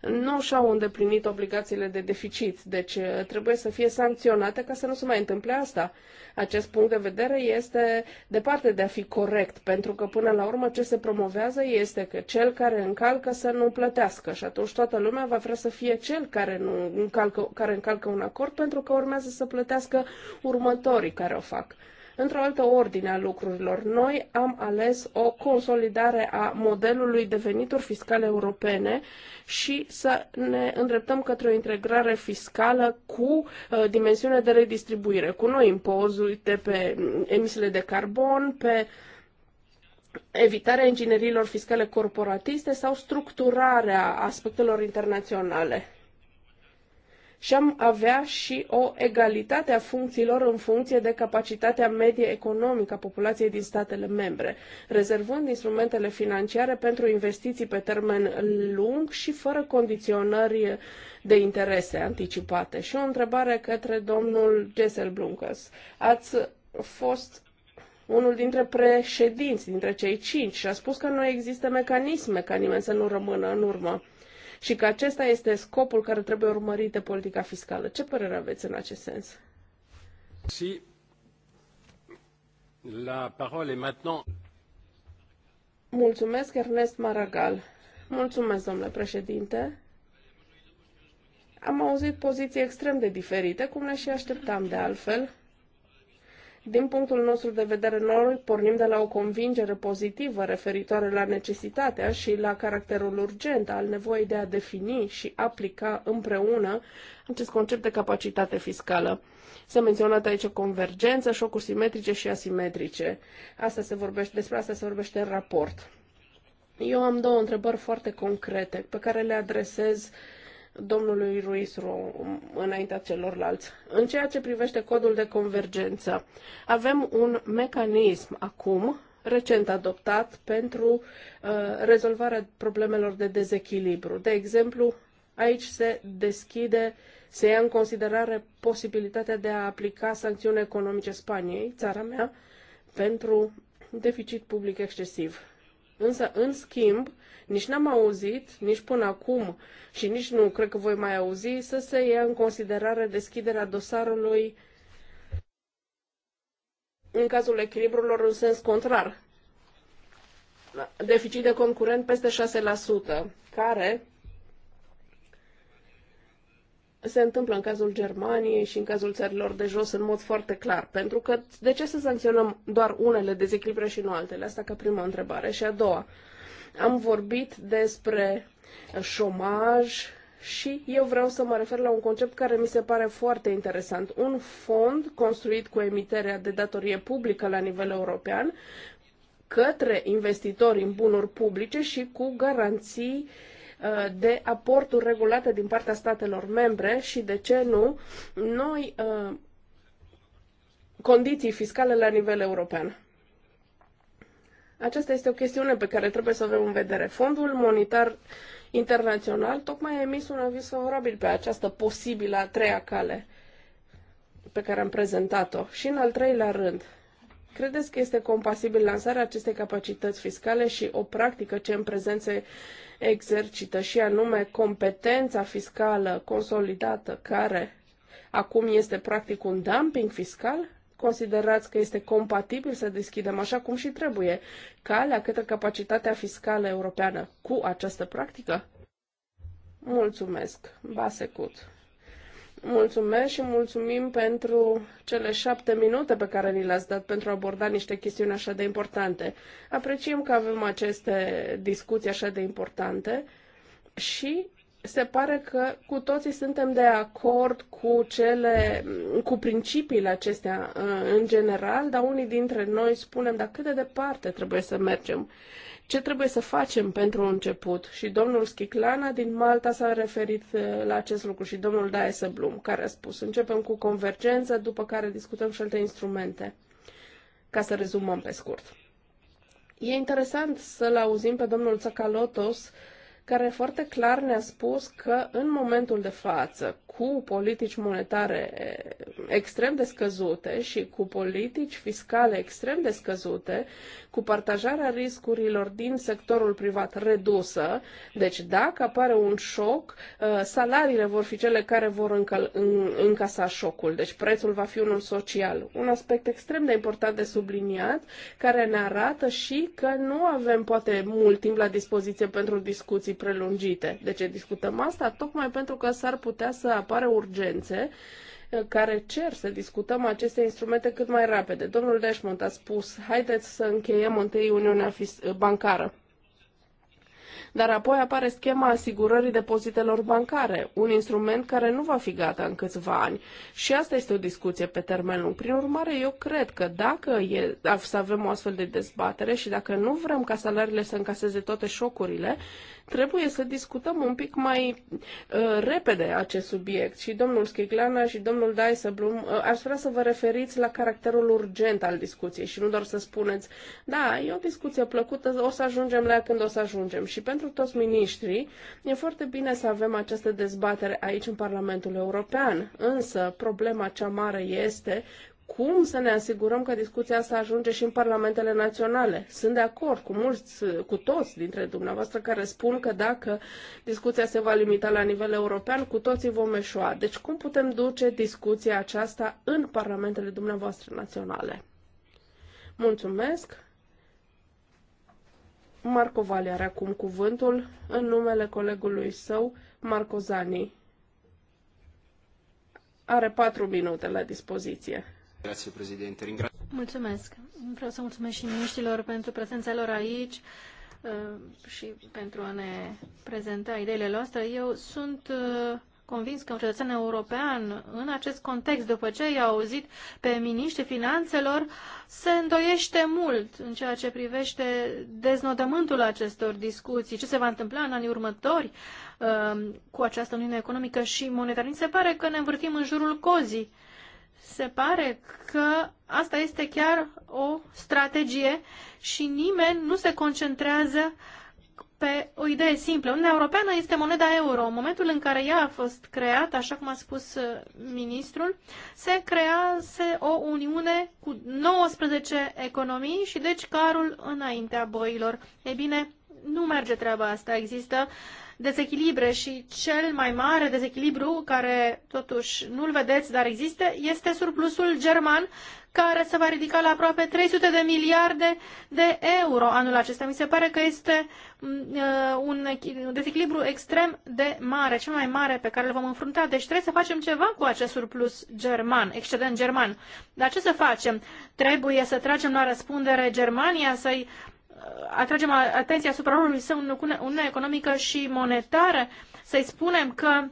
S3: nu și-au îndeplinit obligațiile de deficit, deci trebuie să fie sancționate ca să nu se mai întâmple asta. Acest punct de vedere este departe de a fi corect, pentru că până la urmă ce se promovează este că cel care încalcă să nu plătească și atunci toată lumea va vrea să fie cel care, nu încalcă, care încalcă un acord pentru că urmează să plătească următorii care o fac într-o altă ordine a lucrurilor. Noi am ales o consolidare a modelului de venituri fiscale europene și să ne îndreptăm către o integrare fiscală cu uh, dimensiune de redistribuire, cu noi impozite pe mm, emisiile de carbon, pe evitarea ingineriilor fiscale corporatiste sau structurarea aspectelor internaționale și am avea și o egalitate a funcțiilor în funcție de capacitatea medie economică a populației din statele membre, rezervând instrumentele financiare pentru investiții pe termen lung și fără condiționări de interese anticipate. Și o întrebare către domnul Gessel Bluncas. Ați fost unul dintre președinți, dintre cei cinci, și a spus că nu există mecanisme ca nimeni să nu rămână în urmă și că acesta este scopul care trebuie urmărit de politica fiscală. Ce părere aveți în acest sens? Si. La parole est maintenant. Mulțumesc, Ernest Maragal. Mulțumesc, domnule președinte. Am auzit poziții extrem de diferite, cum ne și așteptam de altfel. Din punctul nostru de vedere, noi pornim de la o convingere pozitivă referitoare la necesitatea și la caracterul urgent al nevoii de a defini și aplica împreună acest concept de capacitate fiscală. S-a menționat aici convergență, șocuri simetrice și asimetrice. Asta se vorbește, despre asta se vorbește în raport. Eu am două întrebări foarte concrete pe care le adresez uh, domnului Ruiz înaintea celorlalți. În ceea ce privește codul de convergență, avem un mecanism acum recent adoptat pentru uh, rezolvarea problemelor de dezechilibru. De exemplu, aici se deschide, se ia în considerare posibilitatea de a aplica sancțiuni economice Spaniei, țara mea, pentru deficit public excesiv. Însă, în schimb, nici n-am auzit, nici până acum și nici nu cred că voi mai auzi, să se ia în considerare deschiderea dosarului în cazul echilibrurilor în sens contrar. Deficit de concurent peste 6%, care se întâmplă în cazul Germaniei și în cazul țărilor de jos în mod foarte clar. Pentru că de ce să sancționăm doar unele dezechilibre și nu altele? Asta ca prima întrebare. Și a doua, am vorbit despre șomaj și eu vreau să mă refer la un concept care mi se pare foarte interesant. Un fond construit cu emiterea de datorie publică la nivel european către investitori în bunuri publice și cu garanții uh, Uh, de aporturi regulate din partea statelor membre și, de ce nu, noi uh, condiții fiscale la nivel european. Aceasta este o chestiune pe care trebuie să o avem în vedere. Fondul Monetar Internațional tocmai a emis un aviz favorabil pe această posibilă a treia cale pe care am prezentat-o. Și în al treilea rând, credeți că este compatibil lansarea acestei capacități fiscale și o practică ce în prezent se exercită și anume competența fiscală consolidată care acum este practic un dumping fiscal? Considerați că este compatibil să deschidem așa cum și trebuie calea către capacitatea fiscală europeană cu această practică? Mulțumesc, Basecut. Mulțumesc și mulțumim pentru cele șapte minute pe care ni le-ați dat pentru a aborda niște chestiuni așa de importante. Apreciem că avem aceste discuții așa de importante și se pare că cu toții suntem de acord cu cele, cu principiile acestea în general, dar unii dintre noi spunem, dar cât de departe trebuie să mergem ce trebuie să facem pentru început? Și domnul Schiclana din Malta s-a referit uh, la acest lucru și domnul Daese Blum, care a spus, începem cu convergență, după care discutăm și alte instrumente, ca să rezumăm pe scurt. E interesant să-l auzim pe domnul Țăcalotos, care foarte clar ne-a spus că în momentul de față, cu politici monetare extrem de scăzute și cu politici fiscale extrem de scăzute, cu partajarea riscurilor din sectorul privat redusă. Deci dacă apare un șoc, uh, salariile vor fi cele care vor încasa șocul. Deci prețul va fi unul social. Un aspect extrem de important de subliniat, care ne arată și că nu avem poate mult timp la dispoziție pentru discuții prelungite. De ce discutăm asta? Tocmai pentru că s-ar putea să apară urgențe care cer să discutăm aceste instrumente cât mai repede. Domnul Deșmont a spus, haideți să încheiem întâi Uniunea Bancară. Dar apoi apare schema asigurării depozitelor bancare, un instrument care nu va fi gata în câțiva ani. Și asta este o discuție pe termen lung. Prin urmare, eu cred că dacă e, să avem o astfel de dezbatere și dacă nu vrem ca salariile să încaseze toate șocurile, trebuie să discutăm un pic mai uh, repede acest subiect și domnul Schiglana și domnul Dijsselbloem uh, aș vrea să vă referiți la caracterul urgent al discuției și nu doar să spuneți, da, e o discuție plăcută, o să ajungem la ea când o să ajungem. Și pentru toți miniștrii e foarte bine să avem această dezbatere aici în Parlamentul European, însă problema cea mare este cum să ne asigurăm că discuția asta ajunge și în parlamentele naționale. Sunt de acord cu mulți, cu toți dintre dumneavoastră care spun că dacă discuția se va limita la nivel european, cu toții vom eșua. Deci cum putem duce discuția aceasta în parlamentele dumneavoastră naționale? Mulțumesc! Marco Vali are acum cuvântul în numele colegului său, Marco Zani. Are patru minute la dispoziție. Mulțumesc.
S1: Vreau să mulțumesc și miniștilor pentru prezența lor aici uh, și pentru a ne prezenta ideile noastre. Eu sunt uh, convins că un cetățean european, în acest context, după ce i-a auzit pe miniștrii finanțelor, se îndoiește mult în ceea ce privește deznodământul acestor discuții, ce se va întâmpla în anii următori uh, cu această uniune economică și monetară. Mi se pare că ne învârtim în jurul cozii se pare că asta este chiar o strategie și nimeni nu se concentrează pe o idee simplă. Uniunea Europeană este moneda euro. În momentul în care ea a fost creată, așa cum a spus uh, ministrul, se crease o uniune cu 19 economii și deci carul înaintea boilor. Ei bine, nu merge treaba asta. Există uh, dezechilibre și cel mai mare dezechilibru, care totuși nu-l vedeți, dar există, este surplusul german, care se va ridica la aproape 300 de miliarde de euro anul acesta. Mi se pare că este mm, uh, un dezechilibru extrem de mare, cel mai mare pe care îl vom înfrunta. Deci trebuie să facem ceva cu acest surplus german, excedent german. Dar ce să facem? Trebuie să tragem la răspundere Germania, să-i atragem atenția asupra rolului său în Uniunea Economică și Monetară, să-i spunem că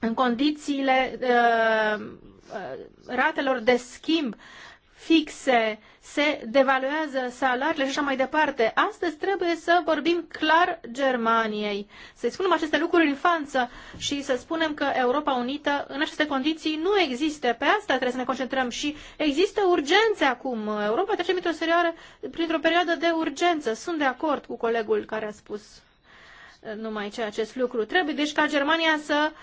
S1: în condițiile uh, uh ratelor de schimb uh, fixe, se devaluează salariile și așa mai departe. Astăzi trebuie să vorbim clar Germaniei, să-i spunem aceste lucruri în față și să spunem că Europa Unită în aceste condiții nu există. Pe asta trebuie să ne concentrăm și există urgențe acum. Europa trece printr-o, serioară, printr-o perioadă de urgență. Sunt de acord cu colegul care a spus uh, numai ce acest lucru. Trebuie deci ca Germania să uh,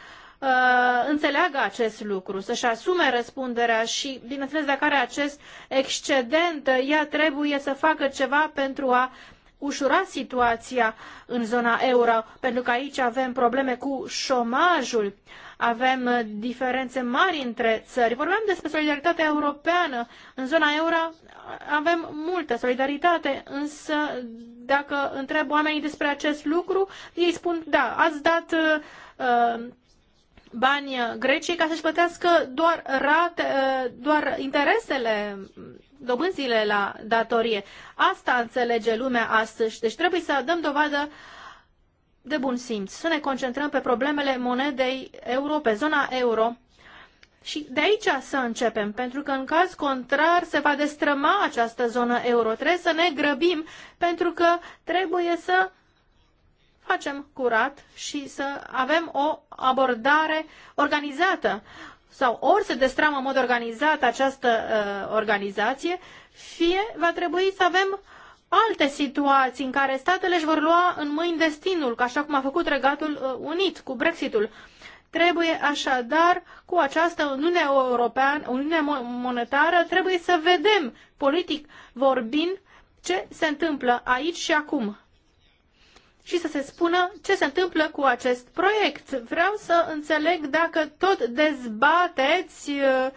S1: uh, înțeleagă acest lucru, să-și asume răspunderea și, bineînțeles, dacă are acest excedent, ea trebuie să facă ceva pentru a ușura situația în zona euro, pentru că aici avem probleme cu șomajul, avem diferențe mari între țări. Vorbeam despre solidaritatea europeană. În zona euro avem multă solidaritate, însă dacă întreb oamenii despre acest lucru, ei spun, da, ați dat uh, bani uh, Greciei ca să-și plătească doar, rate, uh, doar interesele, dobânzile la datorie. Asta înțelege lumea astăzi. Deci trebuie să dăm dovadă de bun simț, să ne concentrăm pe problemele monedei euro, pe zona euro. Și de aici să începem, pentru că în caz contrar se va destrăma această zonă euro. Trebuie să ne grăbim, pentru că trebuie să facem curat și să avem o abordare organizată sau ori se destramă în mod organizat această uh, organizație, fie va trebui să avem alte situații în care statele își vor lua în mâini destinul, ca așa cum a făcut Regatul uh, Unit cu Brexitul. Trebuie așadar, cu această Uniune Europeană, Uniune Monetară, trebuie să vedem, politic vorbind, ce se întâmplă aici și acum și să se spună ce se întâmplă cu acest proiect. Vreau să înțeleg dacă tot dezbateți uh,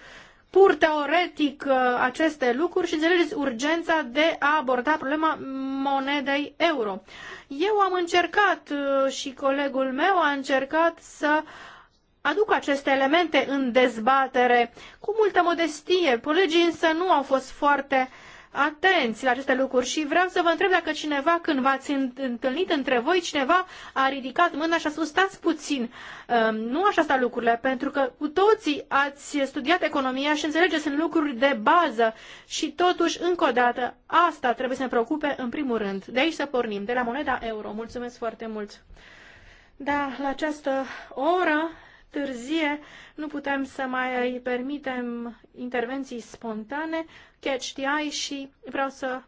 S1: pur teoretic uh, aceste lucruri și înțelegeți urgența de a aborda problema monedei euro. Eu am încercat uh, și colegul meu a încercat să aduc aceste elemente în dezbatere cu multă modestie. Colegii însă nu au fost foarte uh, atenți la aceste lucruri și vreau să vă întreb dacă cineva, când v-ați întâlnit între voi, cineva a ridicat mâna și a spus, stați puțin, um, nu așa stau lucrurile, pentru că cu toții ați studiat economia și înțelegeți, sunt lucruri de bază și totuși, încă o dată, asta trebuie să ne preocupe în primul rând. De aici să pornim, de la moneda euro. Mulțumesc foarte mult! Da, la această oră târzie, nu putem să mai îi permitem intervenții spontane, chiar știai și vreau să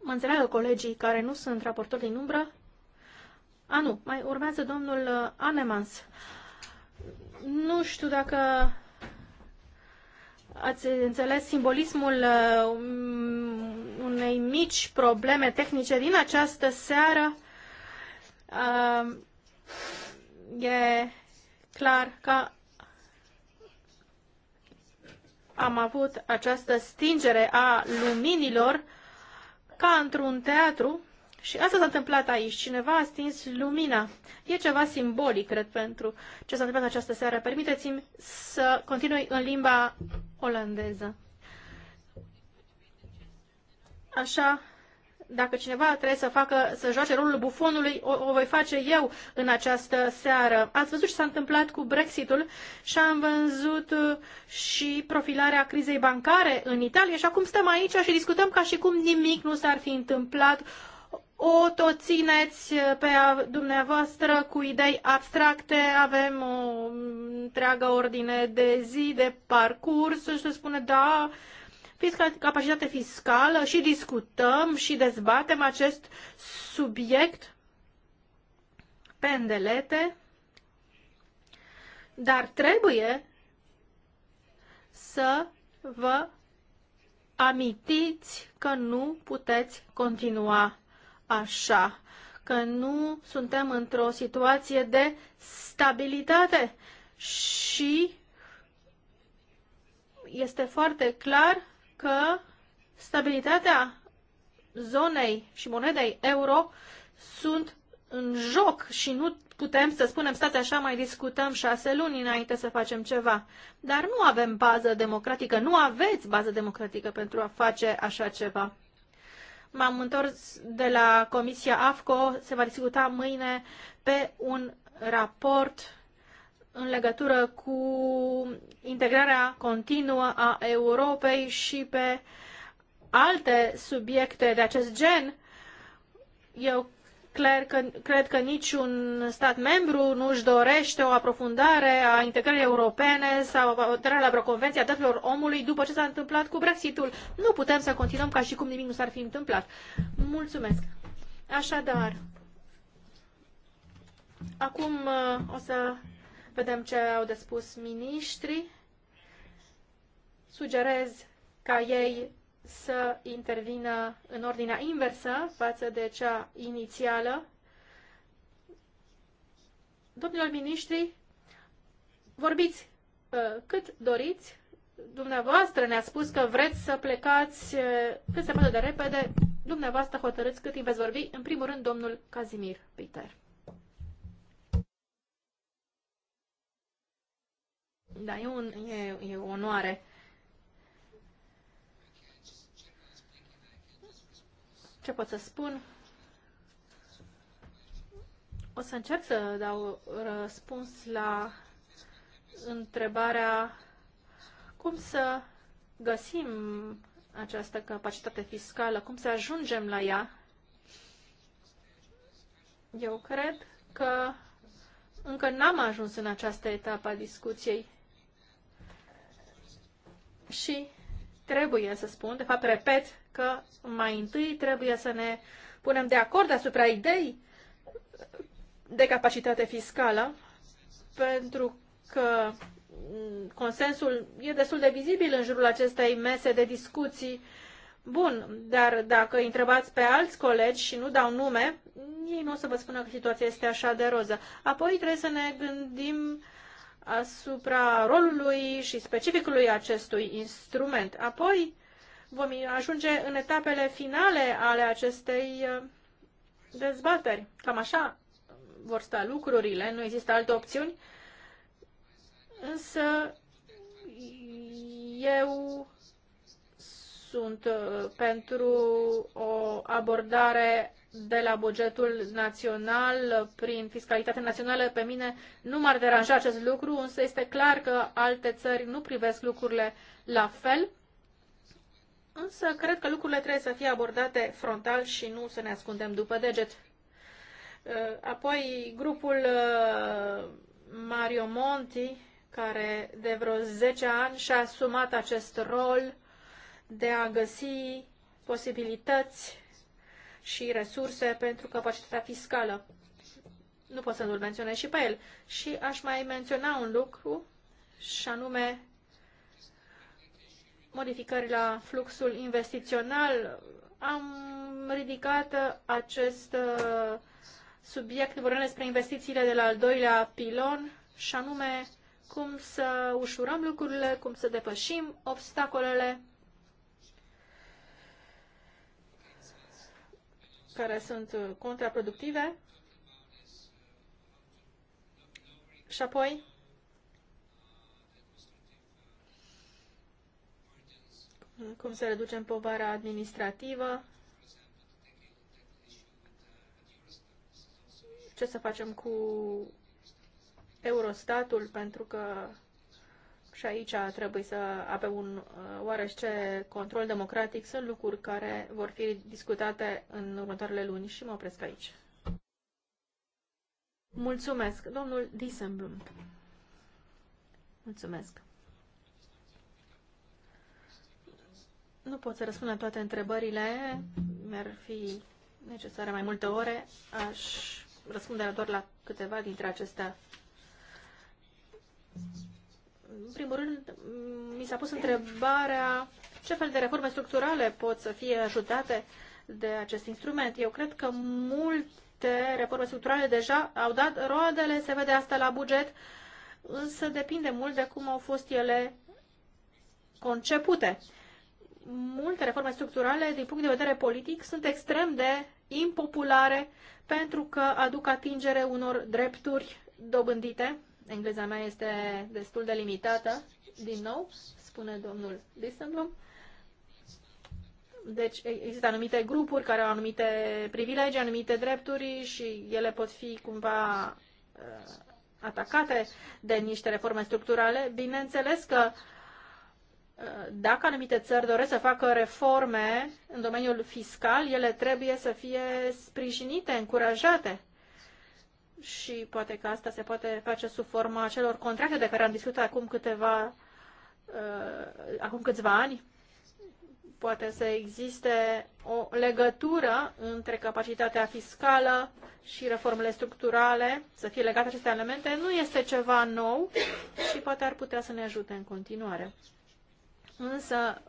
S1: mă înțeleagă colegii care nu sunt raportori din umbră. A, nu, mai urmează domnul Anemans. Nu știu dacă ați înțeles simbolismul uh, unei mici probleme tehnice din această seară. Uh, e clar că am avut această stingere a luminilor ca într-un teatru și asta s-a întâmplat aici. Cineva a stins lumina. E ceva simbolic, cred, pentru ce s-a întâmplat această seară. Permiteți-mi să continui în limba olandeză. Așa dacă cineva trebuie să facă, să joace rolul bufonului, o, o voi face eu în această seară. Ați văzut ce s-a întâmplat cu Brexitul și am văzut uh, și profilarea crizei bancare în Italia și acum stăm aici și discutăm ca și cum nimic nu s-ar fi întâmplat. O tot țineți uh, pe dumneavoastră cu idei abstracte, avem o mm, întreagă ordine de zi, de parcurs să spune da, capacitate fiscală și discutăm și dezbatem acest subiect pe îndelete, dar trebuie să vă amintiți că nu puteți continua așa, că nu suntem într-o situație de stabilitate și este foarte clar că stabilitatea zonei și monedei euro sunt în joc și nu putem să spunem, stați așa, mai discutăm șase luni înainte să facem ceva. Dar nu avem bază democratică, nu aveți bază democratică pentru a face așa ceva. M-am întors de la Comisia AFCO, se va discuta mâine pe un raport în legătură cu integrarea continuă a Europei și pe alte subiecte de acest gen, eu clar că, cred că niciun stat membru nu își dorește o aprofundare a integrării europene sau aderarea la vreo convenție a drepturilor omului după ce s-a întâmplat cu Brexitul. Nu putem să continuăm ca și cum nimic nu s-ar fi întâmplat. Mulțumesc. Așadar, acum uh, o să Vedem ce au de spus miniștrii. Sugerez ca ei să intervină în ordinea inversă față de cea inițială. Domnilor miniștri, vorbiți uh, cât doriți. Dumneavoastră ne-a spus că vreți să plecați uh, cât se poate de repede. Dumneavoastră hotărâți cât timp veți vorbi. În primul rând, domnul Casimir Peter. Da, e, un, e, e onoare. Ce pot să spun? O să încerc să dau răspuns la întrebarea cum să găsim această capacitate fiscală, cum să ajungem la ea. Eu cred că încă n-am ajuns în această etapă a discuției și trebuie să spun, de fapt repet, că mai întâi trebuie să ne punem de acord asupra idei de capacitate fiscală, pentru că mm, consensul e destul de vizibil în jurul acestei mese de discuții. Bun, dar dacă întrebați pe alți colegi și nu dau nume, ei nu o să vă spună că situația este așa de roză. Apoi trebuie să ne gândim uh, asupra rolului și specificului acestui instrument. Apoi vom ajunge în etapele finale ale acestei uh, dezbateri. Cam așa vor sta lucrurile, nu există alte opțiuni, însă eu sunt uh, pentru o abordare de la bugetul național prin fiscalitate națională. Pe mine nu m-ar deranja acest lucru, însă este clar că alte țări nu privesc lucrurile la fel. Însă cred că lucrurile trebuie să fie abordate frontal și nu să ne ascundem după deget. Uh, apoi grupul uh, Mario Monti, care de vreo 10 ani și-a asumat acest rol de a găsi posibilități și resurse pentru capacitatea fiscală. Nu pot să nu-l menționez și pe el. Și aș mai menționa un lucru, și anume modificări la fluxul investițional. Am ridicat acest uh, subiect vorbim despre investițiile de la al doilea pilon și anume cum să ușurăm lucrurile, cum să depășim obstacolele care sunt uh, contraproductive și apoi cum să reducem povara administrativă, ce să facem cu Eurostatul, pentru că și aici trebuie să avem un uh, oarește control democratic. Sunt lucruri care vor fi discutate în următoarele luni și mă opresc aici. Mulțumesc, domnul Disemblum. Mulțumesc. Nu pot să răspund la toate întrebările. Mi-ar fi necesare mai multe ore. Aș răspunde doar la câteva dintre acestea. În primul rând, mi s-a pus întrebarea ce fel de reforme structurale pot să fie ajutate de acest instrument. Eu cred că multe reforme structurale deja au dat roadele, se vede asta la buget, însă depinde mult de cum au fost ele concepute. Multe reforme structurale, din punct de vedere politic, sunt extrem de impopulare pentru că aduc atingere unor drepturi dobândite engleza mea este destul de limitată, din nou, spune domnul Dissenblum. Deci există anumite grupuri care au anumite privilegii, anumite drepturi și ele pot fi cumva uh, atacate de niște reforme structurale. Bineînțeles că uh, dacă anumite țări doresc să facă reforme în domeniul fiscal, ele trebuie să fie sprijinite, încurajate și poate că asta se poate face sub forma acelor contracte de care am discutat acum câteva uh, acum câțiva ani poate să existe o legătură între capacitatea fiscală și reformele structurale, să fie legate aceste elemente, nu este ceva nou și poate ar putea să ne ajute în continuare. Însă,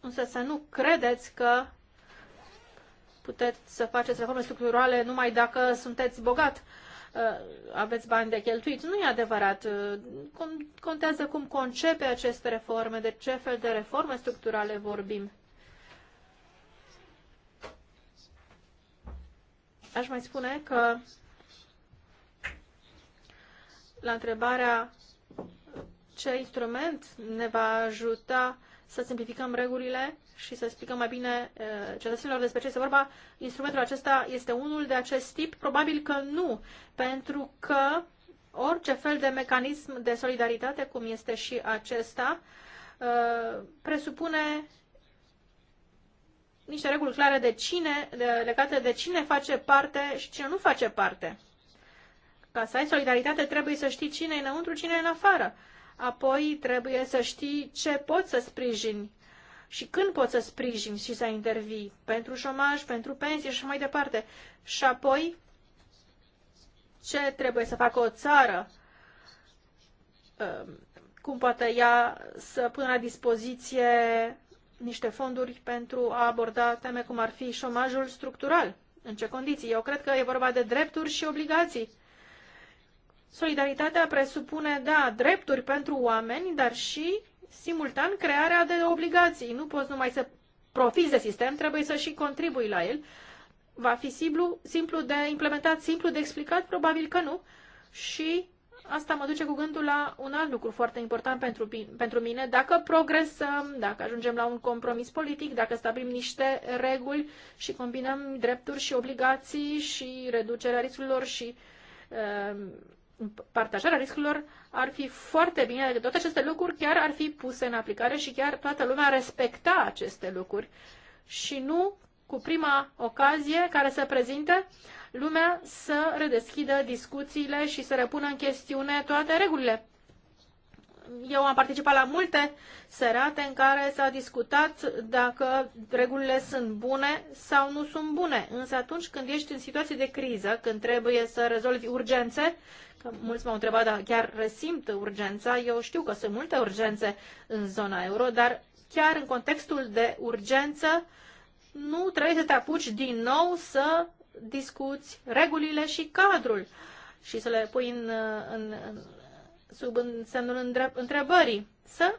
S1: însă să nu credeți că puteți să faceți reforme structurale numai dacă sunteți bogat, uh, aveți bani de cheltuit. Nu e adevărat. Uh, contează cum concepe aceste reforme, de ce fel de reforme structurale vorbim. Aș mai spune că la întrebarea ce instrument ne va ajuta să simplificăm regulile și să explicăm mai bine cetățenilor despre ce este vorba. Instrumentul acesta este unul de acest tip? Probabil că nu, pentru că orice fel de mecanism de solidaritate, cum este și acesta, presupune niște reguli clare de cine, de, legate de cine face parte și cine nu face parte. Ca să ai solidaritate, trebuie să știi cine e înăuntru, cine e în afară apoi trebuie să știi ce poți să sprijini și când poți să sprijini și să intervii pentru șomaj, pentru pensie și mai departe. Și apoi, ce trebuie să facă o țară, ehm, cum poate ea să pună la dispoziție niște fonduri pentru a aborda teme cum ar fi șomajul structural. În ce condiții? Eu cred că e vorba de drepturi și obligații. Solidaritatea presupune, da, drepturi pentru oameni, dar și, simultan, crearea de obligații. Nu poți numai să profiți de sistem, trebuie să și contribui la el. Va fi simplu, simplu de implementat, simplu de explicat? Probabil că nu. Și asta mă duce cu gândul la un alt lucru foarte important pentru, pentru mine. Dacă progresăm, dacă ajungem la un compromis politic, dacă stabilim niște reguli și combinăm drepturi și obligații și reducerea riscurilor și uh, partajarea riscurilor ar fi foarte bine, adică toate aceste lucruri chiar ar fi puse în aplicare și chiar toată lumea respecta aceste lucruri și nu cu prima ocazie care se prezinte lumea să redeschidă discuțiile și să repună în chestiune toate regulile. Eu am participat la multe serate în care s-a discutat dacă regulile sunt bune sau nu sunt bune. Însă atunci când ești în situație de criză, când trebuie să rezolvi urgențe, că mulți m-au întrebat, dar chiar resimt urgența. Eu știu că sunt multe urgențe în zona euro, dar chiar în contextul de urgență nu trebuie să te apuci din nou să discuți regulile și cadrul și să le pui în, în, în sub semnul întrebării. Să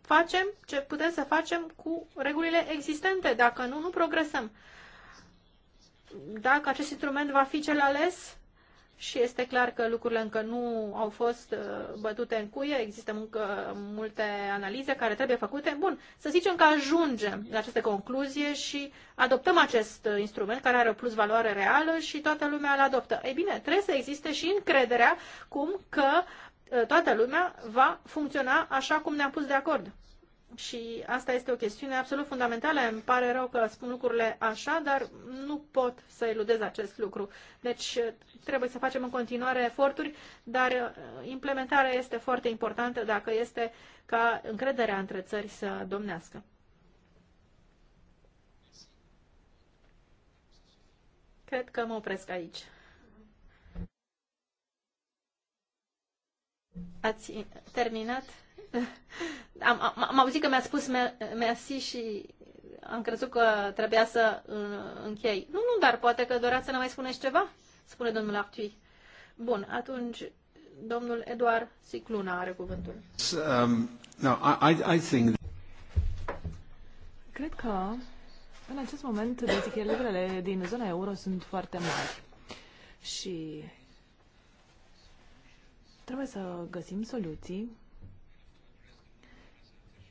S1: facem ce putem să facem cu regulile existente. Dacă nu, nu progresăm. Dacă acest instrument va fi cel ales, și este clar că lucrurile încă nu au fost uh, bătute în cuie, există încă multe analize care trebuie făcute. Bun, să zicem că ajungem la aceste concluzie și adoptăm acest uh, instrument care are o plus valoare reală și toată lumea îl adoptă. Ei bine, trebuie să existe și încrederea cum că uh, toată lumea va funcționa așa cum ne-am pus de acord și asta este o chestiune absolut fundamentală. Îmi pare rău că spun lucrurile așa, dar nu pot să eludez acest lucru. Deci trebuie să facem în continuare eforturi, dar uh, implementarea este foarte importantă dacă este ca încrederea între țări să domnească. Cred că mă opresc aici. Ați terminat? Am, am, am auzit că mi-a spus mersi și am crezut că trebuia să închei. Nu, nu, dar poate că dorea să ne mai spuneți ceva? Spune domnul Actui. Bun, atunci domnul Eduard Sicluna are cuvântul.
S2: Um, no, I, I think... Cred că în acest moment dezechilibrele din zona euro sunt foarte mari și trebuie să găsim soluții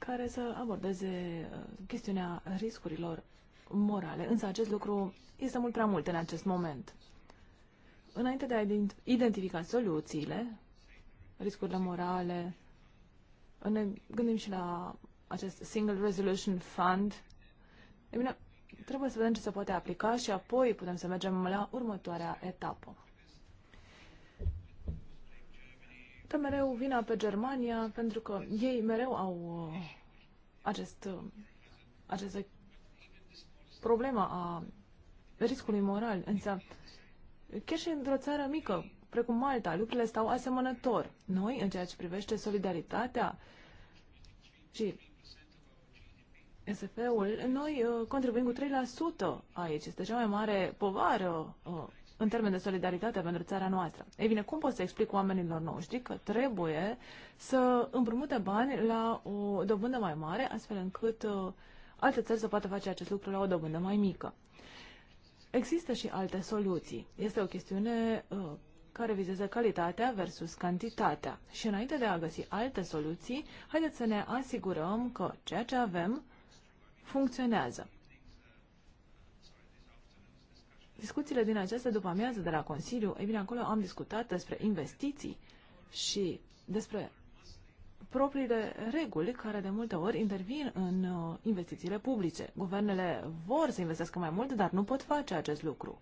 S2: care să abordeze uh, chestiunea riscurilor morale. Însă acest lucru este mult prea mult în acest moment. Înainte de a identifica soluțiile, riscurile morale, ne gândim și la acest Single Resolution Fund. E bine, trebuie să vedem ce se poate aplica și apoi putem să mergem la următoarea etapă. dă mereu vina pe Germania pentru că ei mereu au uh, acest, uh, această problema a riscului moral. Însă, chiar și într-o țară mică, precum Malta, lucrurile stau asemănător. Noi, în ceea ce privește solidaritatea și SF-ul, noi uh, contribuim cu 3% aici. Este cea mai mare povară uh, în termen de solidaritate pentru țara noastră. Ei bine, cum pot să explic oamenilor noștri că trebuie să împrumute bani la o dobândă mai mare, astfel încât uh, alte țări să poată face acest lucru la o dobândă mai mică? Există și alte soluții. Este o chestiune uh, care vizează calitatea versus cantitatea. Și înainte de a găsi alte soluții, haideți să ne asigurăm că ceea ce avem funcționează discuțiile din această după amiază de la Consiliu, ei bine, acolo am discutat despre investiții și despre propriile reguli care de multe ori intervin în uh, investițiile publice. Guvernele vor să investească mai mult, dar nu pot face acest lucru.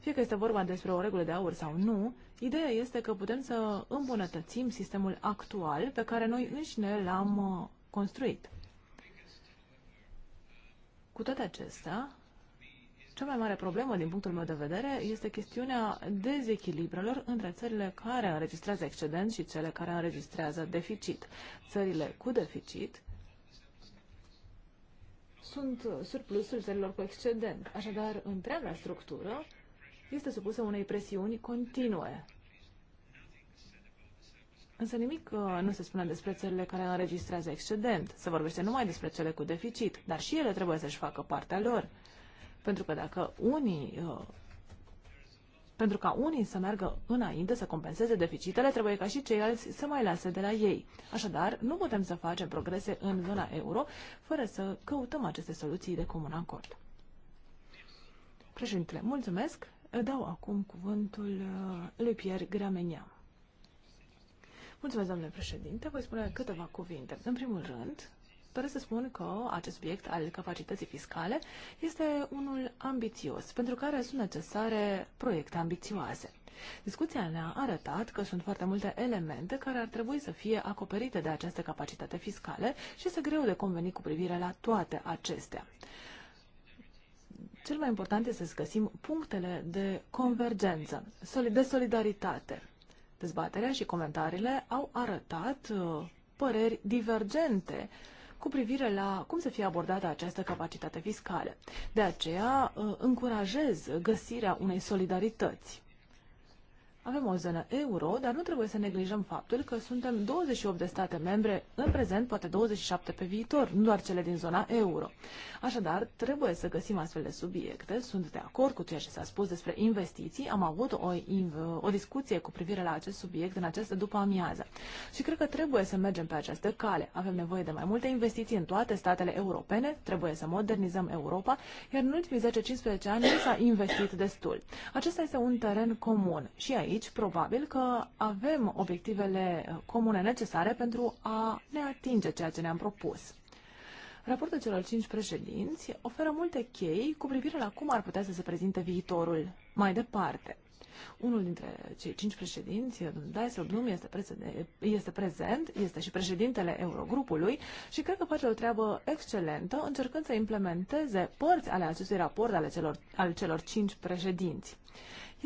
S2: Fie că este vorba despre o regulă de aur sau nu, ideea este că putem să îmbunătățim sistemul actual pe care noi înșine l-am uh, construit. Cu toate acestea, cea mai mare problemă, din punctul meu de vedere, este chestiunea dezechilibrelor între țările care înregistrează excedent și cele care înregistrează deficit. Țările cu deficit sunt surplusul țărilor cu excedent. Așadar, întreaga structură este supusă unei presiuni continue. Însă nimic uh, nu se spune despre țările care înregistrează excedent. Se vorbește numai despre cele cu deficit, dar și ele trebuie să-și facă partea lor. Pentru că dacă unii uh, pentru ca unii să meargă înainte să compenseze deficitele, trebuie ca și ceilalți să mai lase de la ei. Așadar, nu putem să facem progrese în zona euro fără să căutăm aceste soluții de comun acord. Președintele, mulțumesc. Dau acum cuvântul uh, lui Pierre Gramenia. Mulțumesc, domnule președinte. Voi spune câteva cuvinte. În primul rând, doresc să spun că acest subiect al capacității fiscale este unul ambițios, pentru care sunt necesare proiecte ambițioase. Discuția ne-a arătat că sunt foarte multe elemente care ar trebui să fie acoperite de această capacitate fiscală și este greu de convenit cu privire la toate acestea. Cel mai important este să găsim punctele de convergență, de solidaritate. Dezbaterea și comentariile au arătat uh, păreri divergente cu privire la cum să fie abordată această capacitate fiscală. De aceea uh, încurajez găsirea unei solidarități. Avem o zonă euro, dar nu trebuie să neglijăm faptul că suntem 28 de state membre în prezent, poate 27 pe viitor, nu doar cele din zona euro. Așadar, trebuie să găsim astfel de subiecte. Sunt de acord cu ceea ce s-a spus despre investiții. Am avut o, o discuție cu privire la acest subiect în această după amiază. Și cred că trebuie să mergem pe această cale. Avem nevoie de mai multe investiții în toate statele europene, trebuie să modernizăm Europa, iar în ultimii 10-15 ani nu s-a investit destul. Acesta este un teren comun și aici aici, probabil că avem obiectivele uh, comune necesare pentru a ne atinge ceea ce ne-am propus. Raportul celor cinci președinți oferă multe chei cu privire la cum ar putea să se prezinte viitorul mai departe. Unul dintre cei cinci președinți, domnul Dijsselbloem, este, prezent, este prezent, este și președintele Eurogrupului și cred că face o treabă excelentă încercând să implementeze părți ale acestui raport ale celor, al celor cinci președinți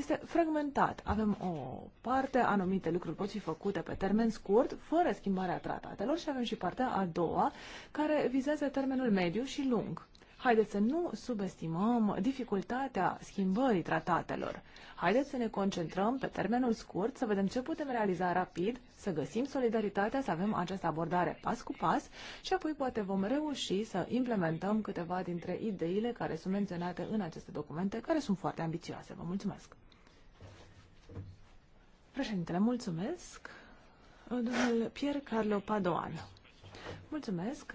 S2: este fragmentat. Avem o parte, anumite lucruri pot fi făcute pe termen scurt, fără schimbarea tratatelor și avem și partea a doua, care vizează termenul mediu și lung. Haideți să nu subestimăm dificultatea schimbării tratatelor. Haideți să ne concentrăm pe termenul scurt, să vedem ce putem realiza rapid, să găsim solidaritatea, să avem această abordare pas cu pas și apoi poate vom reuși să implementăm câteva dintre ideile care sunt menționate în aceste documente, care sunt foarte ambițioase. Vă mulțumesc! Președintele, mulțumesc. Domnul Pierre Carlo Padoan. Mulțumesc.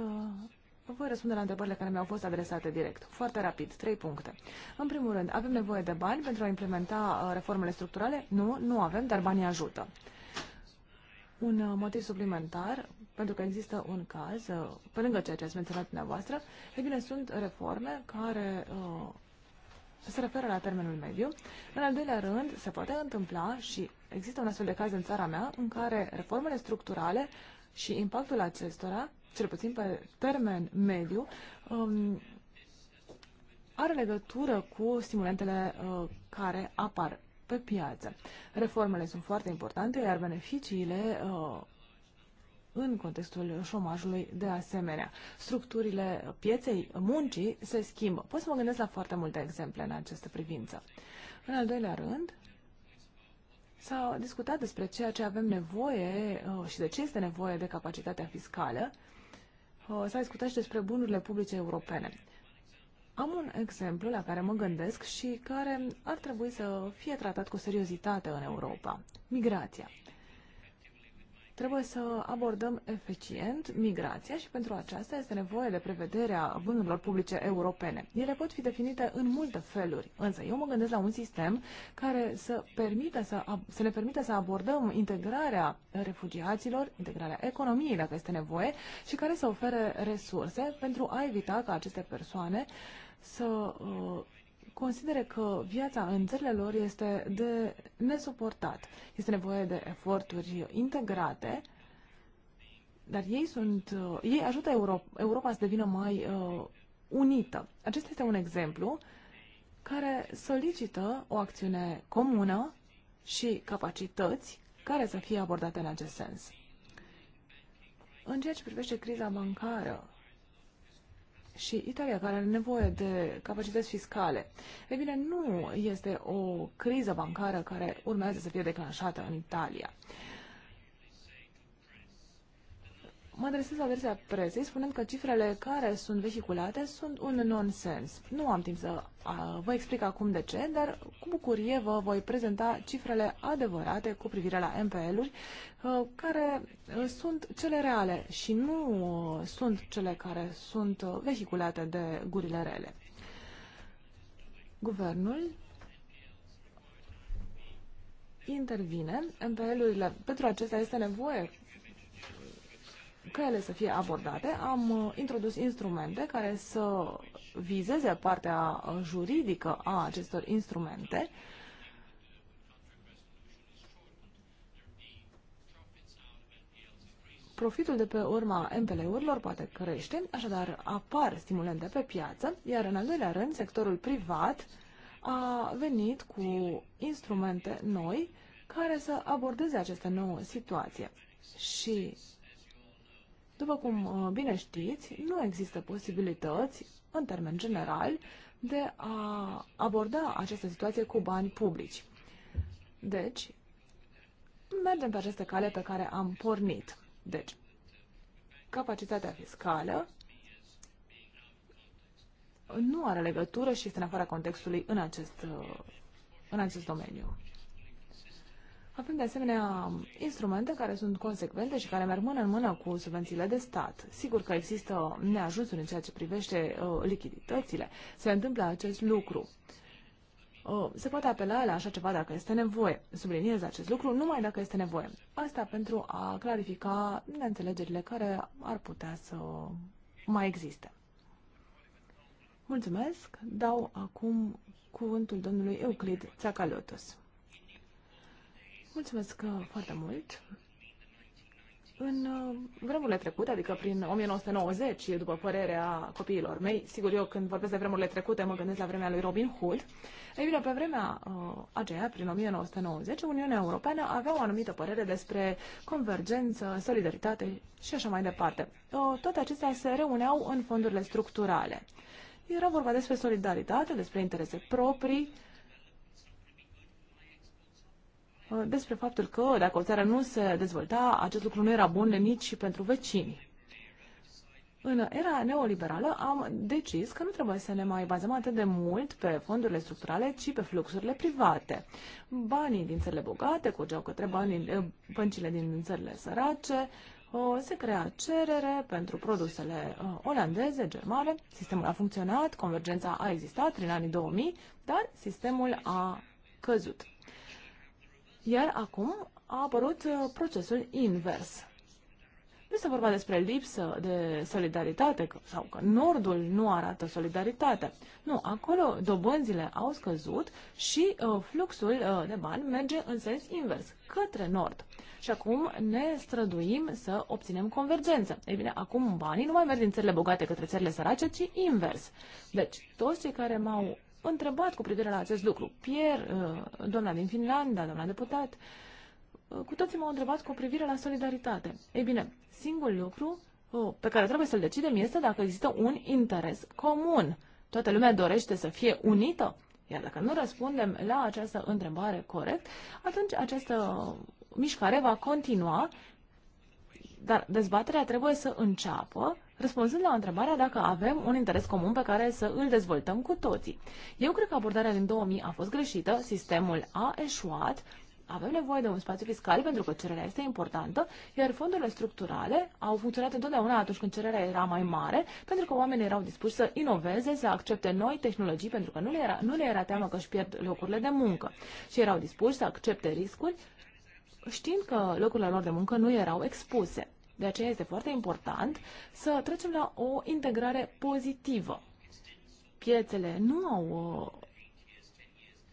S2: Voi răspunde la întrebările care mi-au fost adresate direct. Foarte rapid, trei puncte. În primul rând, avem nevoie de bani pentru a implementa uh, reformele structurale? Nu, nu avem, dar banii ajută. Un uh, motiv suplimentar, pentru că există un caz, uh, pe lângă ceea ce ați menționat dumneavoastră, e bine, sunt reforme care uh, se referă la termenul mediu. În al doilea rând, se poate întâmpla și există un astfel de caz în țara mea în care reformele structurale și impactul acestora, cel puțin pe termen mediu, um, are legătură cu stimulentele uh, care apar pe piață. Reformele sunt foarte importante, iar beneficiile uh, în contextul șomajului de asemenea. Structurile pieței muncii se schimbă. Pot să mă gândesc la foarte multe exemple în această privință. În al doilea rând, s-a discutat despre ceea ce avem nevoie uh, și de ce este nevoie de capacitatea fiscală. Uh, s-a discutat și despre bunurile publice europene. Am un exemplu la care mă gândesc și care ar trebui să fie tratat cu seriozitate în Europa. Migrația. Trebuie să abordăm eficient migrația și pentru aceasta este nevoie de prevederea bunurilor publice europene. Ele pot fi definite în multe feluri, însă eu mă gândesc la un sistem care să, permită să, să ne permită să abordăm integrarea refugiaților, integrarea economiei dacă este nevoie și care să ofere resurse pentru a evita ca aceste persoane să uh, consideră că viața în țările lor este de nesuportat. Este nevoie de eforturi integrate, dar ei, sunt, uh, ei ajută Europa, Europa să devină mai uh, unită. Acesta este un exemplu care solicită o acțiune comună și capacități care să fie abordate în acest sens. În ceea ce privește criza bancară și Italia, care are nevoie de capacități fiscale. Ei bine, nu este o criză bancară care urmează să fie declanșată în Italia. Uh, mă adresez versia presei spunând că cifrele care sunt vehiculate sunt un nonsens. Nu am timp să vă explic acum de ce, dar cu bucurie vă voi prezenta cifrele adevărate cu privire la MPL-uri, care sunt cele reale și nu sunt cele care sunt vehiculate de gurile rele. Guvernul intervine. MPL-urile, pentru acestea este nevoie că ele să fie abordate, am uh, introdus instrumente care să vizeze partea uh, juridică a acestor instrumente, profitul de pe urma MPL-urilor poate crește, așadar apar stimulente pe piață, iar în al doilea rând, sectorul privat a venit cu instrumente noi care să abordeze această nouă situație. Și după cum uh, bine știți, nu există posibilități, în termen general, de a aborda această situație cu bani publici. Deci, mergem pe această cale pe care am pornit. Deci, capacitatea fiscală nu are legătură și este în afara contextului în acest, uh, în acest domeniu. Avem de asemenea instrumente care sunt consecvente și care merg mână în mână cu subvențiile de stat. Sigur că există neajunsuri în ceea ce privește uh, lichiditățile. Se întâmplă acest lucru. Uh, se poate apela la așa ceva dacă este nevoie. Subliniez acest lucru numai dacă este nevoie. Asta pentru a clarifica neînțelegerile care ar putea să mai existe. Mulțumesc. Dau acum cuvântul domnului Euclid Tsakalotos. Mulțumesc uh, foarte mult. În uh, vremurile trecute, adică prin 1990, după părerea copiilor mei, sigur eu când vorbesc de vremurile trecute mă gândesc la vremea lui Robin Hood, ei bine, pe vremea uh, aceea, prin 1990, Uniunea Europeană avea o anumită părere despre convergență, solidaritate și așa mai departe. Uh, toate acestea se reuneau în fondurile structurale. Era vorba despre solidaritate, despre interese proprii, uh, Uh, despre faptul că dacă o țară nu se dezvolta, acest lucru nu era bun nici și pentru vecini. În era neoliberală am decis că nu trebuie să ne mai bazăm atât de mult pe fondurile structurale, ci pe fluxurile private. Banii din țările bogate curgeau către banii, uh, băncile din țările sărace, uh, se crea cerere pentru produsele olandeze, germane, sistemul a funcționat, convergența a existat prin anii 2000, dar sistemul a căzut. Iar acum a apărut uh, procesul invers. Nu este vorba despre lipsă de solidaritate sau că Nordul nu arată solidaritate. Nu, acolo dobânzile au scăzut și uh, fluxul uh, de bani merge în sens invers, către Nord. Și acum ne străduim să obținem convergență. Ei bine, acum banii nu mai merg din țările bogate către țările sărace, ci invers. Deci, toți cei care m-au întrebat cu privire la acest lucru. Pierre, uh, doamna din Finlanda, doamna deputat, uh, cu toții m-au întrebat cu privire la solidaritate. Ei bine, singur lucru uh, pe care trebuie să-l decidem este dacă există un interes comun. Toată lumea dorește să fie unită, iar dacă nu răspundem la această întrebare corect, atunci această mișcare va continua, dar dezbaterea trebuie să înceapă răspunzând la întrebarea dacă avem un interes comun pe care să îl dezvoltăm cu toții. Eu cred că abordarea din 2000 a fost greșită, sistemul a eșuat, avem nevoie de un spațiu fiscal pentru că cererea este importantă, iar fondurile structurale au funcționat întotdeauna atunci când cererea era mai mare, pentru că oamenii erau dispuși să inoveze, să accepte noi tehnologii, pentru că nu le era, nu le era teamă că își pierd locurile de muncă și erau dispuși să accepte riscuri știind că locurile lor de muncă nu erau expuse. De aceea este foarte important să trecem la o integrare pozitivă. Piețele nu au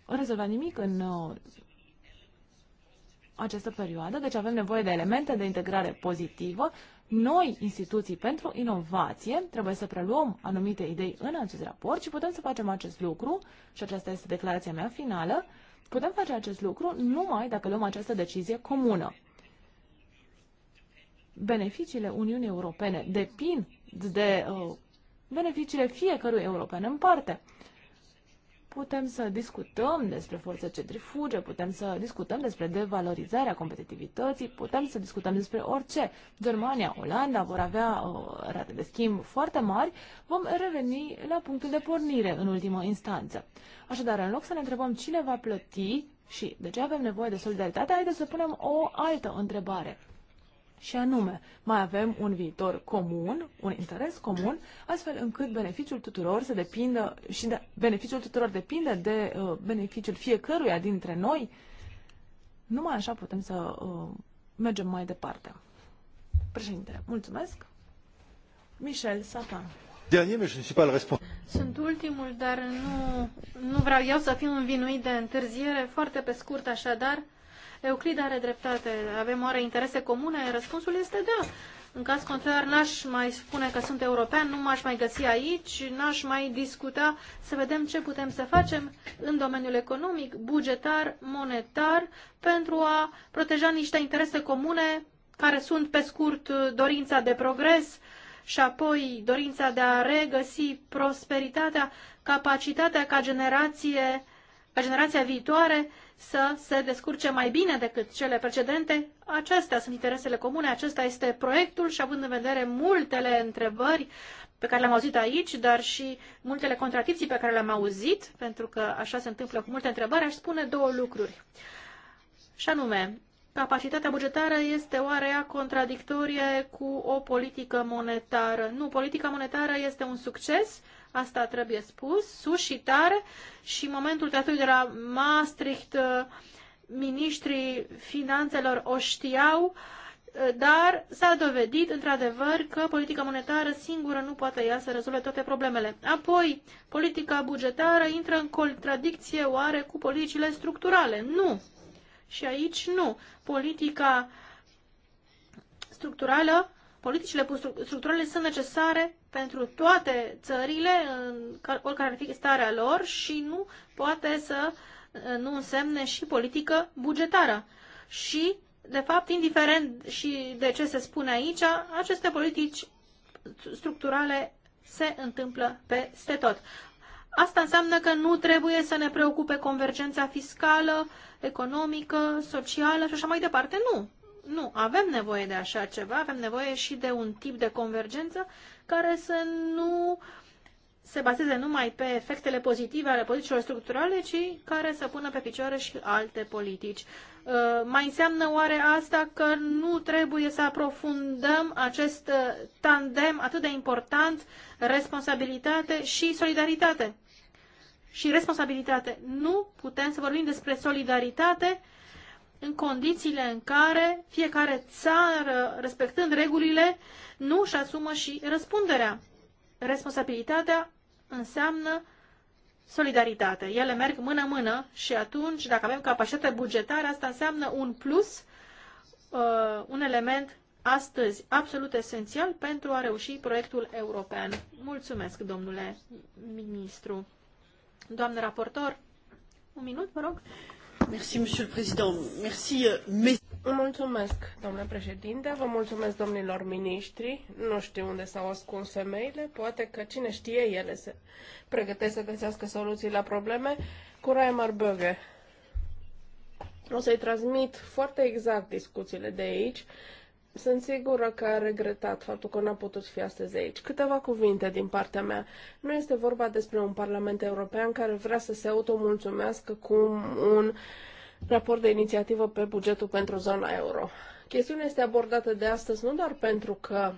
S2: uh, rezolvat nimic în uh, această perioadă, deci avem nevoie de elemente de integrare pozitivă. Noi, instituții pentru inovație, trebuie să preluăm anumite idei în acest raport și putem să facem acest lucru, și aceasta este declarația mea finală, putem face acest lucru numai dacă luăm această decizie comună beneficiile Uniunii Europene depind de uh, beneficiile fiecărui european în parte. Putem să discutăm despre forțe centrifuge, putem să discutăm despre devalorizarea competitivității, putem să discutăm despre orice. Germania, Olanda vor avea uh, rate de schimb foarte mari, vom reveni la punctul de pornire în ultimă instanță. Așadar, în loc să ne întrebăm cine va plăti și de ce avem nevoie de solidaritate, haideți să punem o altă întrebare și anume, mai avem un viitor comun, un interes comun, astfel încât beneficiul tuturor să depindă și de, beneficiul tuturor depinde de uh, beneficiul fiecăruia dintre noi. Numai așa putem să uh, mergem mai departe. Președinte, mulțumesc. Michel Satan. Sunt ultimul, dar nu, nu
S1: vreau eu să fiu învinuit de întârziere. Foarte pe scurt, așadar. Euclid are dreptate, avem oare interese comune? Răspunsul este da. În caz contrar, n-aș mai spune că sunt european, nu m-aș mai găsi aici, n-aș mai discuta să vedem ce putem să facem în domeniul economic, bugetar, monetar, pentru a proteja niște interese comune care sunt, pe scurt, dorința de progres și apoi dorința de a regăsi prosperitatea, capacitatea ca generație ca generația viitoare să se descurce mai bine decât cele precedente. Acestea sunt interesele comune, acesta este proiectul și având în vedere multele întrebări pe care le-am auzit aici, dar și multele contradicții pe care le-am auzit, pentru că așa se întâmplă cu multe întrebări, aș spune două lucruri. Și anume, capacitatea bugetară este oarea contradictorie cu o politică monetară. Nu, politica monetară este un succes, asta trebuie spus, sus și tare, și în momentul tratului de la Maastricht, uh, ministrii finanțelor o știau, uh, dar s-a dovedit într-adevăr că politica monetară singură nu poate ea să rezolve toate problemele. Apoi, politica bugetară intră în contradicție oare cu politicile structurale? Nu. Și aici nu. Politica structurală Politicile structurale sunt necesare pentru toate țările, în oricare ar fi starea lor și nu poate să eh, nu însemne și politică bugetară. Și, de fapt, indiferent și de ce se spune aici, aceste politici structurale se întâmplă peste tot. Asta înseamnă că nu trebuie să ne preocupe convergența fiscală, economică, socială și așa mai departe. Nu. Nu, avem nevoie de așa ceva, avem nevoie și de un tip de convergență care să nu se bazeze numai pe efectele pozitive ale politicilor structurale, ci care să pună pe picioare și alte politici. Uh, mai înseamnă oare asta că nu trebuie să aprofundăm acest uh, tandem atât de important, responsabilitate și solidaritate? Și responsabilitate. Nu putem să vorbim despre solidaritate uh, în condițiile în care fiecare țară, respectând regulile, nu își asumă și răspunderea. Responsabilitatea înseamnă solidaritate. Ele merg mână-mână și atunci, dacă avem capacitate bugetară, asta înseamnă un plus, uh, un element astăzi absolut esențial pentru a reuși proiectul european. Mulțumesc, domnule ministru. Doamnă raportor,
S3: un minut, vă rog. Merci, Monsieur le Président. Merci, euh, mes... Mulțumesc, domnule președinte, vă mulțumesc domnilor miniștri. Nu știu unde s-au ascuns femeile, poate că cine știe ele se pregătesc să găsească soluții la probleme. Cu Raimar Böge. O să-i transmit foarte exact discuțiile de aici sunt sigură că a regretat faptul că n-a putut fi astăzi aici. Câteva cuvinte din partea mea. Nu este vorba despre un Parlament European care vrea să se automulțumească cu un raport de inițiativă pe bugetul pentru zona euro. Chestiunea este abordată de astăzi nu doar pentru că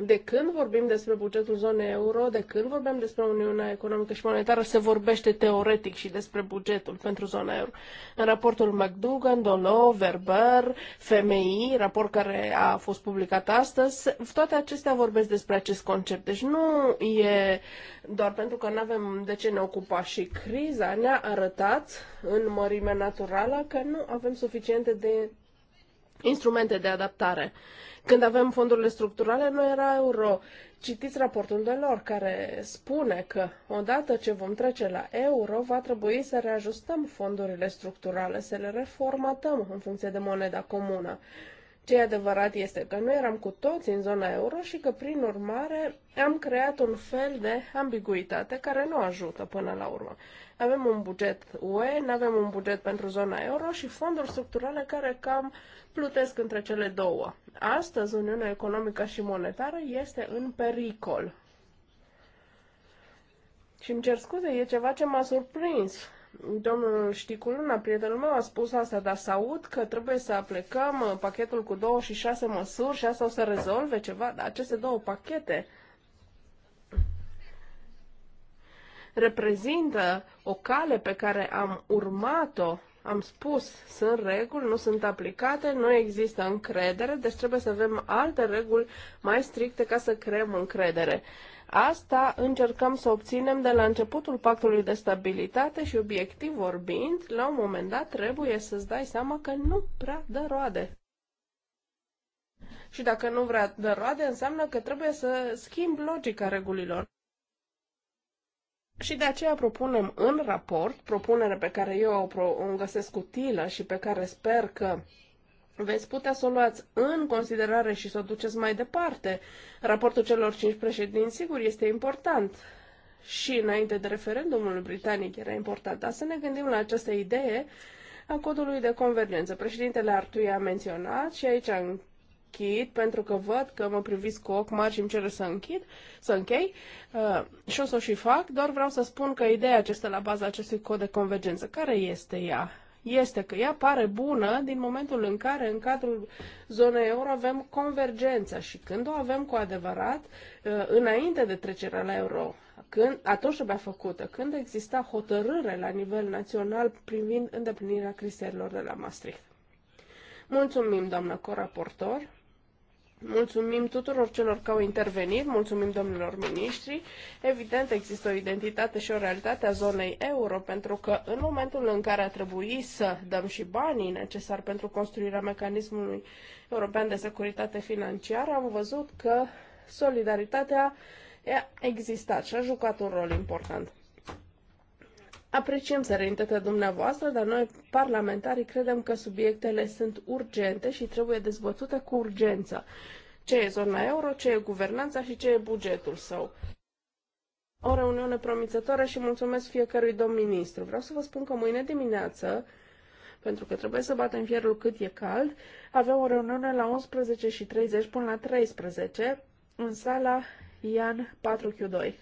S3: de când vorbim despre bugetul zonei euro, de când vorbim despre Uniunea Economică și Monetară, se vorbește teoretic și despre bugetul pentru zona euro. În raportul McDougan, Dolo, Verber, FMI, raport care a fost publicat astăzi, toate acestea vorbesc despre acest concept. Deci nu e doar pentru că nu avem de ce ne ocupa și criza ne-a arătat în mărimea naturală că nu avem suficiente de instrumente de adaptare. Când avem fondurile structurale, nu era euro. Citiți raportul de lor care spune că odată ce vom trece la euro, va trebui să reajustăm fondurile structurale, să le reformatăm în funcție de moneda comună. Ce adevărat este că nu eram cu toți în zona euro și că, prin urmare, am creat un fel de ambiguitate care nu ajută până la urmă. Avem un buget UE, nu avem un buget pentru zona euro și fonduri structurale care cam plutesc între cele două. Astăzi, Uniunea Economică și Monetară este în pericol. Și îmi cer scuze, e ceva ce m-a surprins Domnul Știculuna, prietenul meu, a spus asta, dar să aud că trebuie să aplicăm uh, pachetul cu 26 măsuri și asta o să rezolve ceva, dar aceste două pachete reprezintă o cale pe care am urmat-o. Am spus, sunt reguli, nu sunt aplicate, nu există încredere, deci trebuie să avem alte reguli mai stricte ca să creăm încredere. Asta încercăm să obținem de la începutul pactului de stabilitate și obiectiv vorbind, la un moment dat trebuie să-ți dai seama că nu prea dă roade. Și dacă nu vrea dă roade, înseamnă că trebuie să schimbi logica regulilor. Și de aceea propunem în raport, propunere pe care eu o găsesc utilă și pe care sper că veți putea să o luați în considerare și să o duceți mai departe. Raportul celor cinci președinți, sigur, este important. Și înainte de referendumul britanic era important. Dar să ne gândim la această idee a codului de convergență. Președintele Artui a menționat și aici închid, pentru că văd că mă priviți cu ochi mari și îmi cere să închid, să închei uh, și o să o și fac, doar vreau să spun că ideea aceasta la baza acestui cod de convergență, care este ea? este că ea pare bună din momentul în care în cadrul zonei euro avem convergența și când o avem cu adevărat, uh, înainte de trecerea la euro, când, atunci trebuia făcută, când exista hotărâre la nivel național privind îndeplinirea criteriilor de la Maastricht. Mulțumim, doamnă coraportor. Mulțumim tuturor celor care au intervenit, mulțumim domnilor miniștri. Evident, există o identitate și o realitate a zonei euro, pentru că în momentul în care a trebuit să dăm și banii necesari pentru construirea mecanismului european de securitate financiară, am văzut că solidaritatea a existat și a jucat un rol important. Apreciem serenitatea dumneavoastră, dar noi, parlamentarii, credem că subiectele sunt urgente și trebuie dezbătute cu urgență. Ce e zona euro, ce e guvernanța și ce e bugetul său. O reuniune promițătoare și mulțumesc fiecărui domn ministru. Vreau să vă spun că mâine dimineață, pentru că trebuie să batem fierul cât e cald, avem o reuniune la 11.30 până la 13 în sala Ian 4Q2.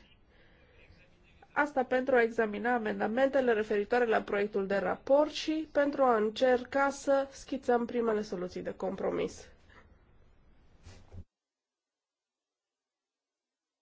S3: Asta pentru a examina amendamentele referitoare la proiectul de raport și pentru a încerca să schițăm primele soluții de compromis.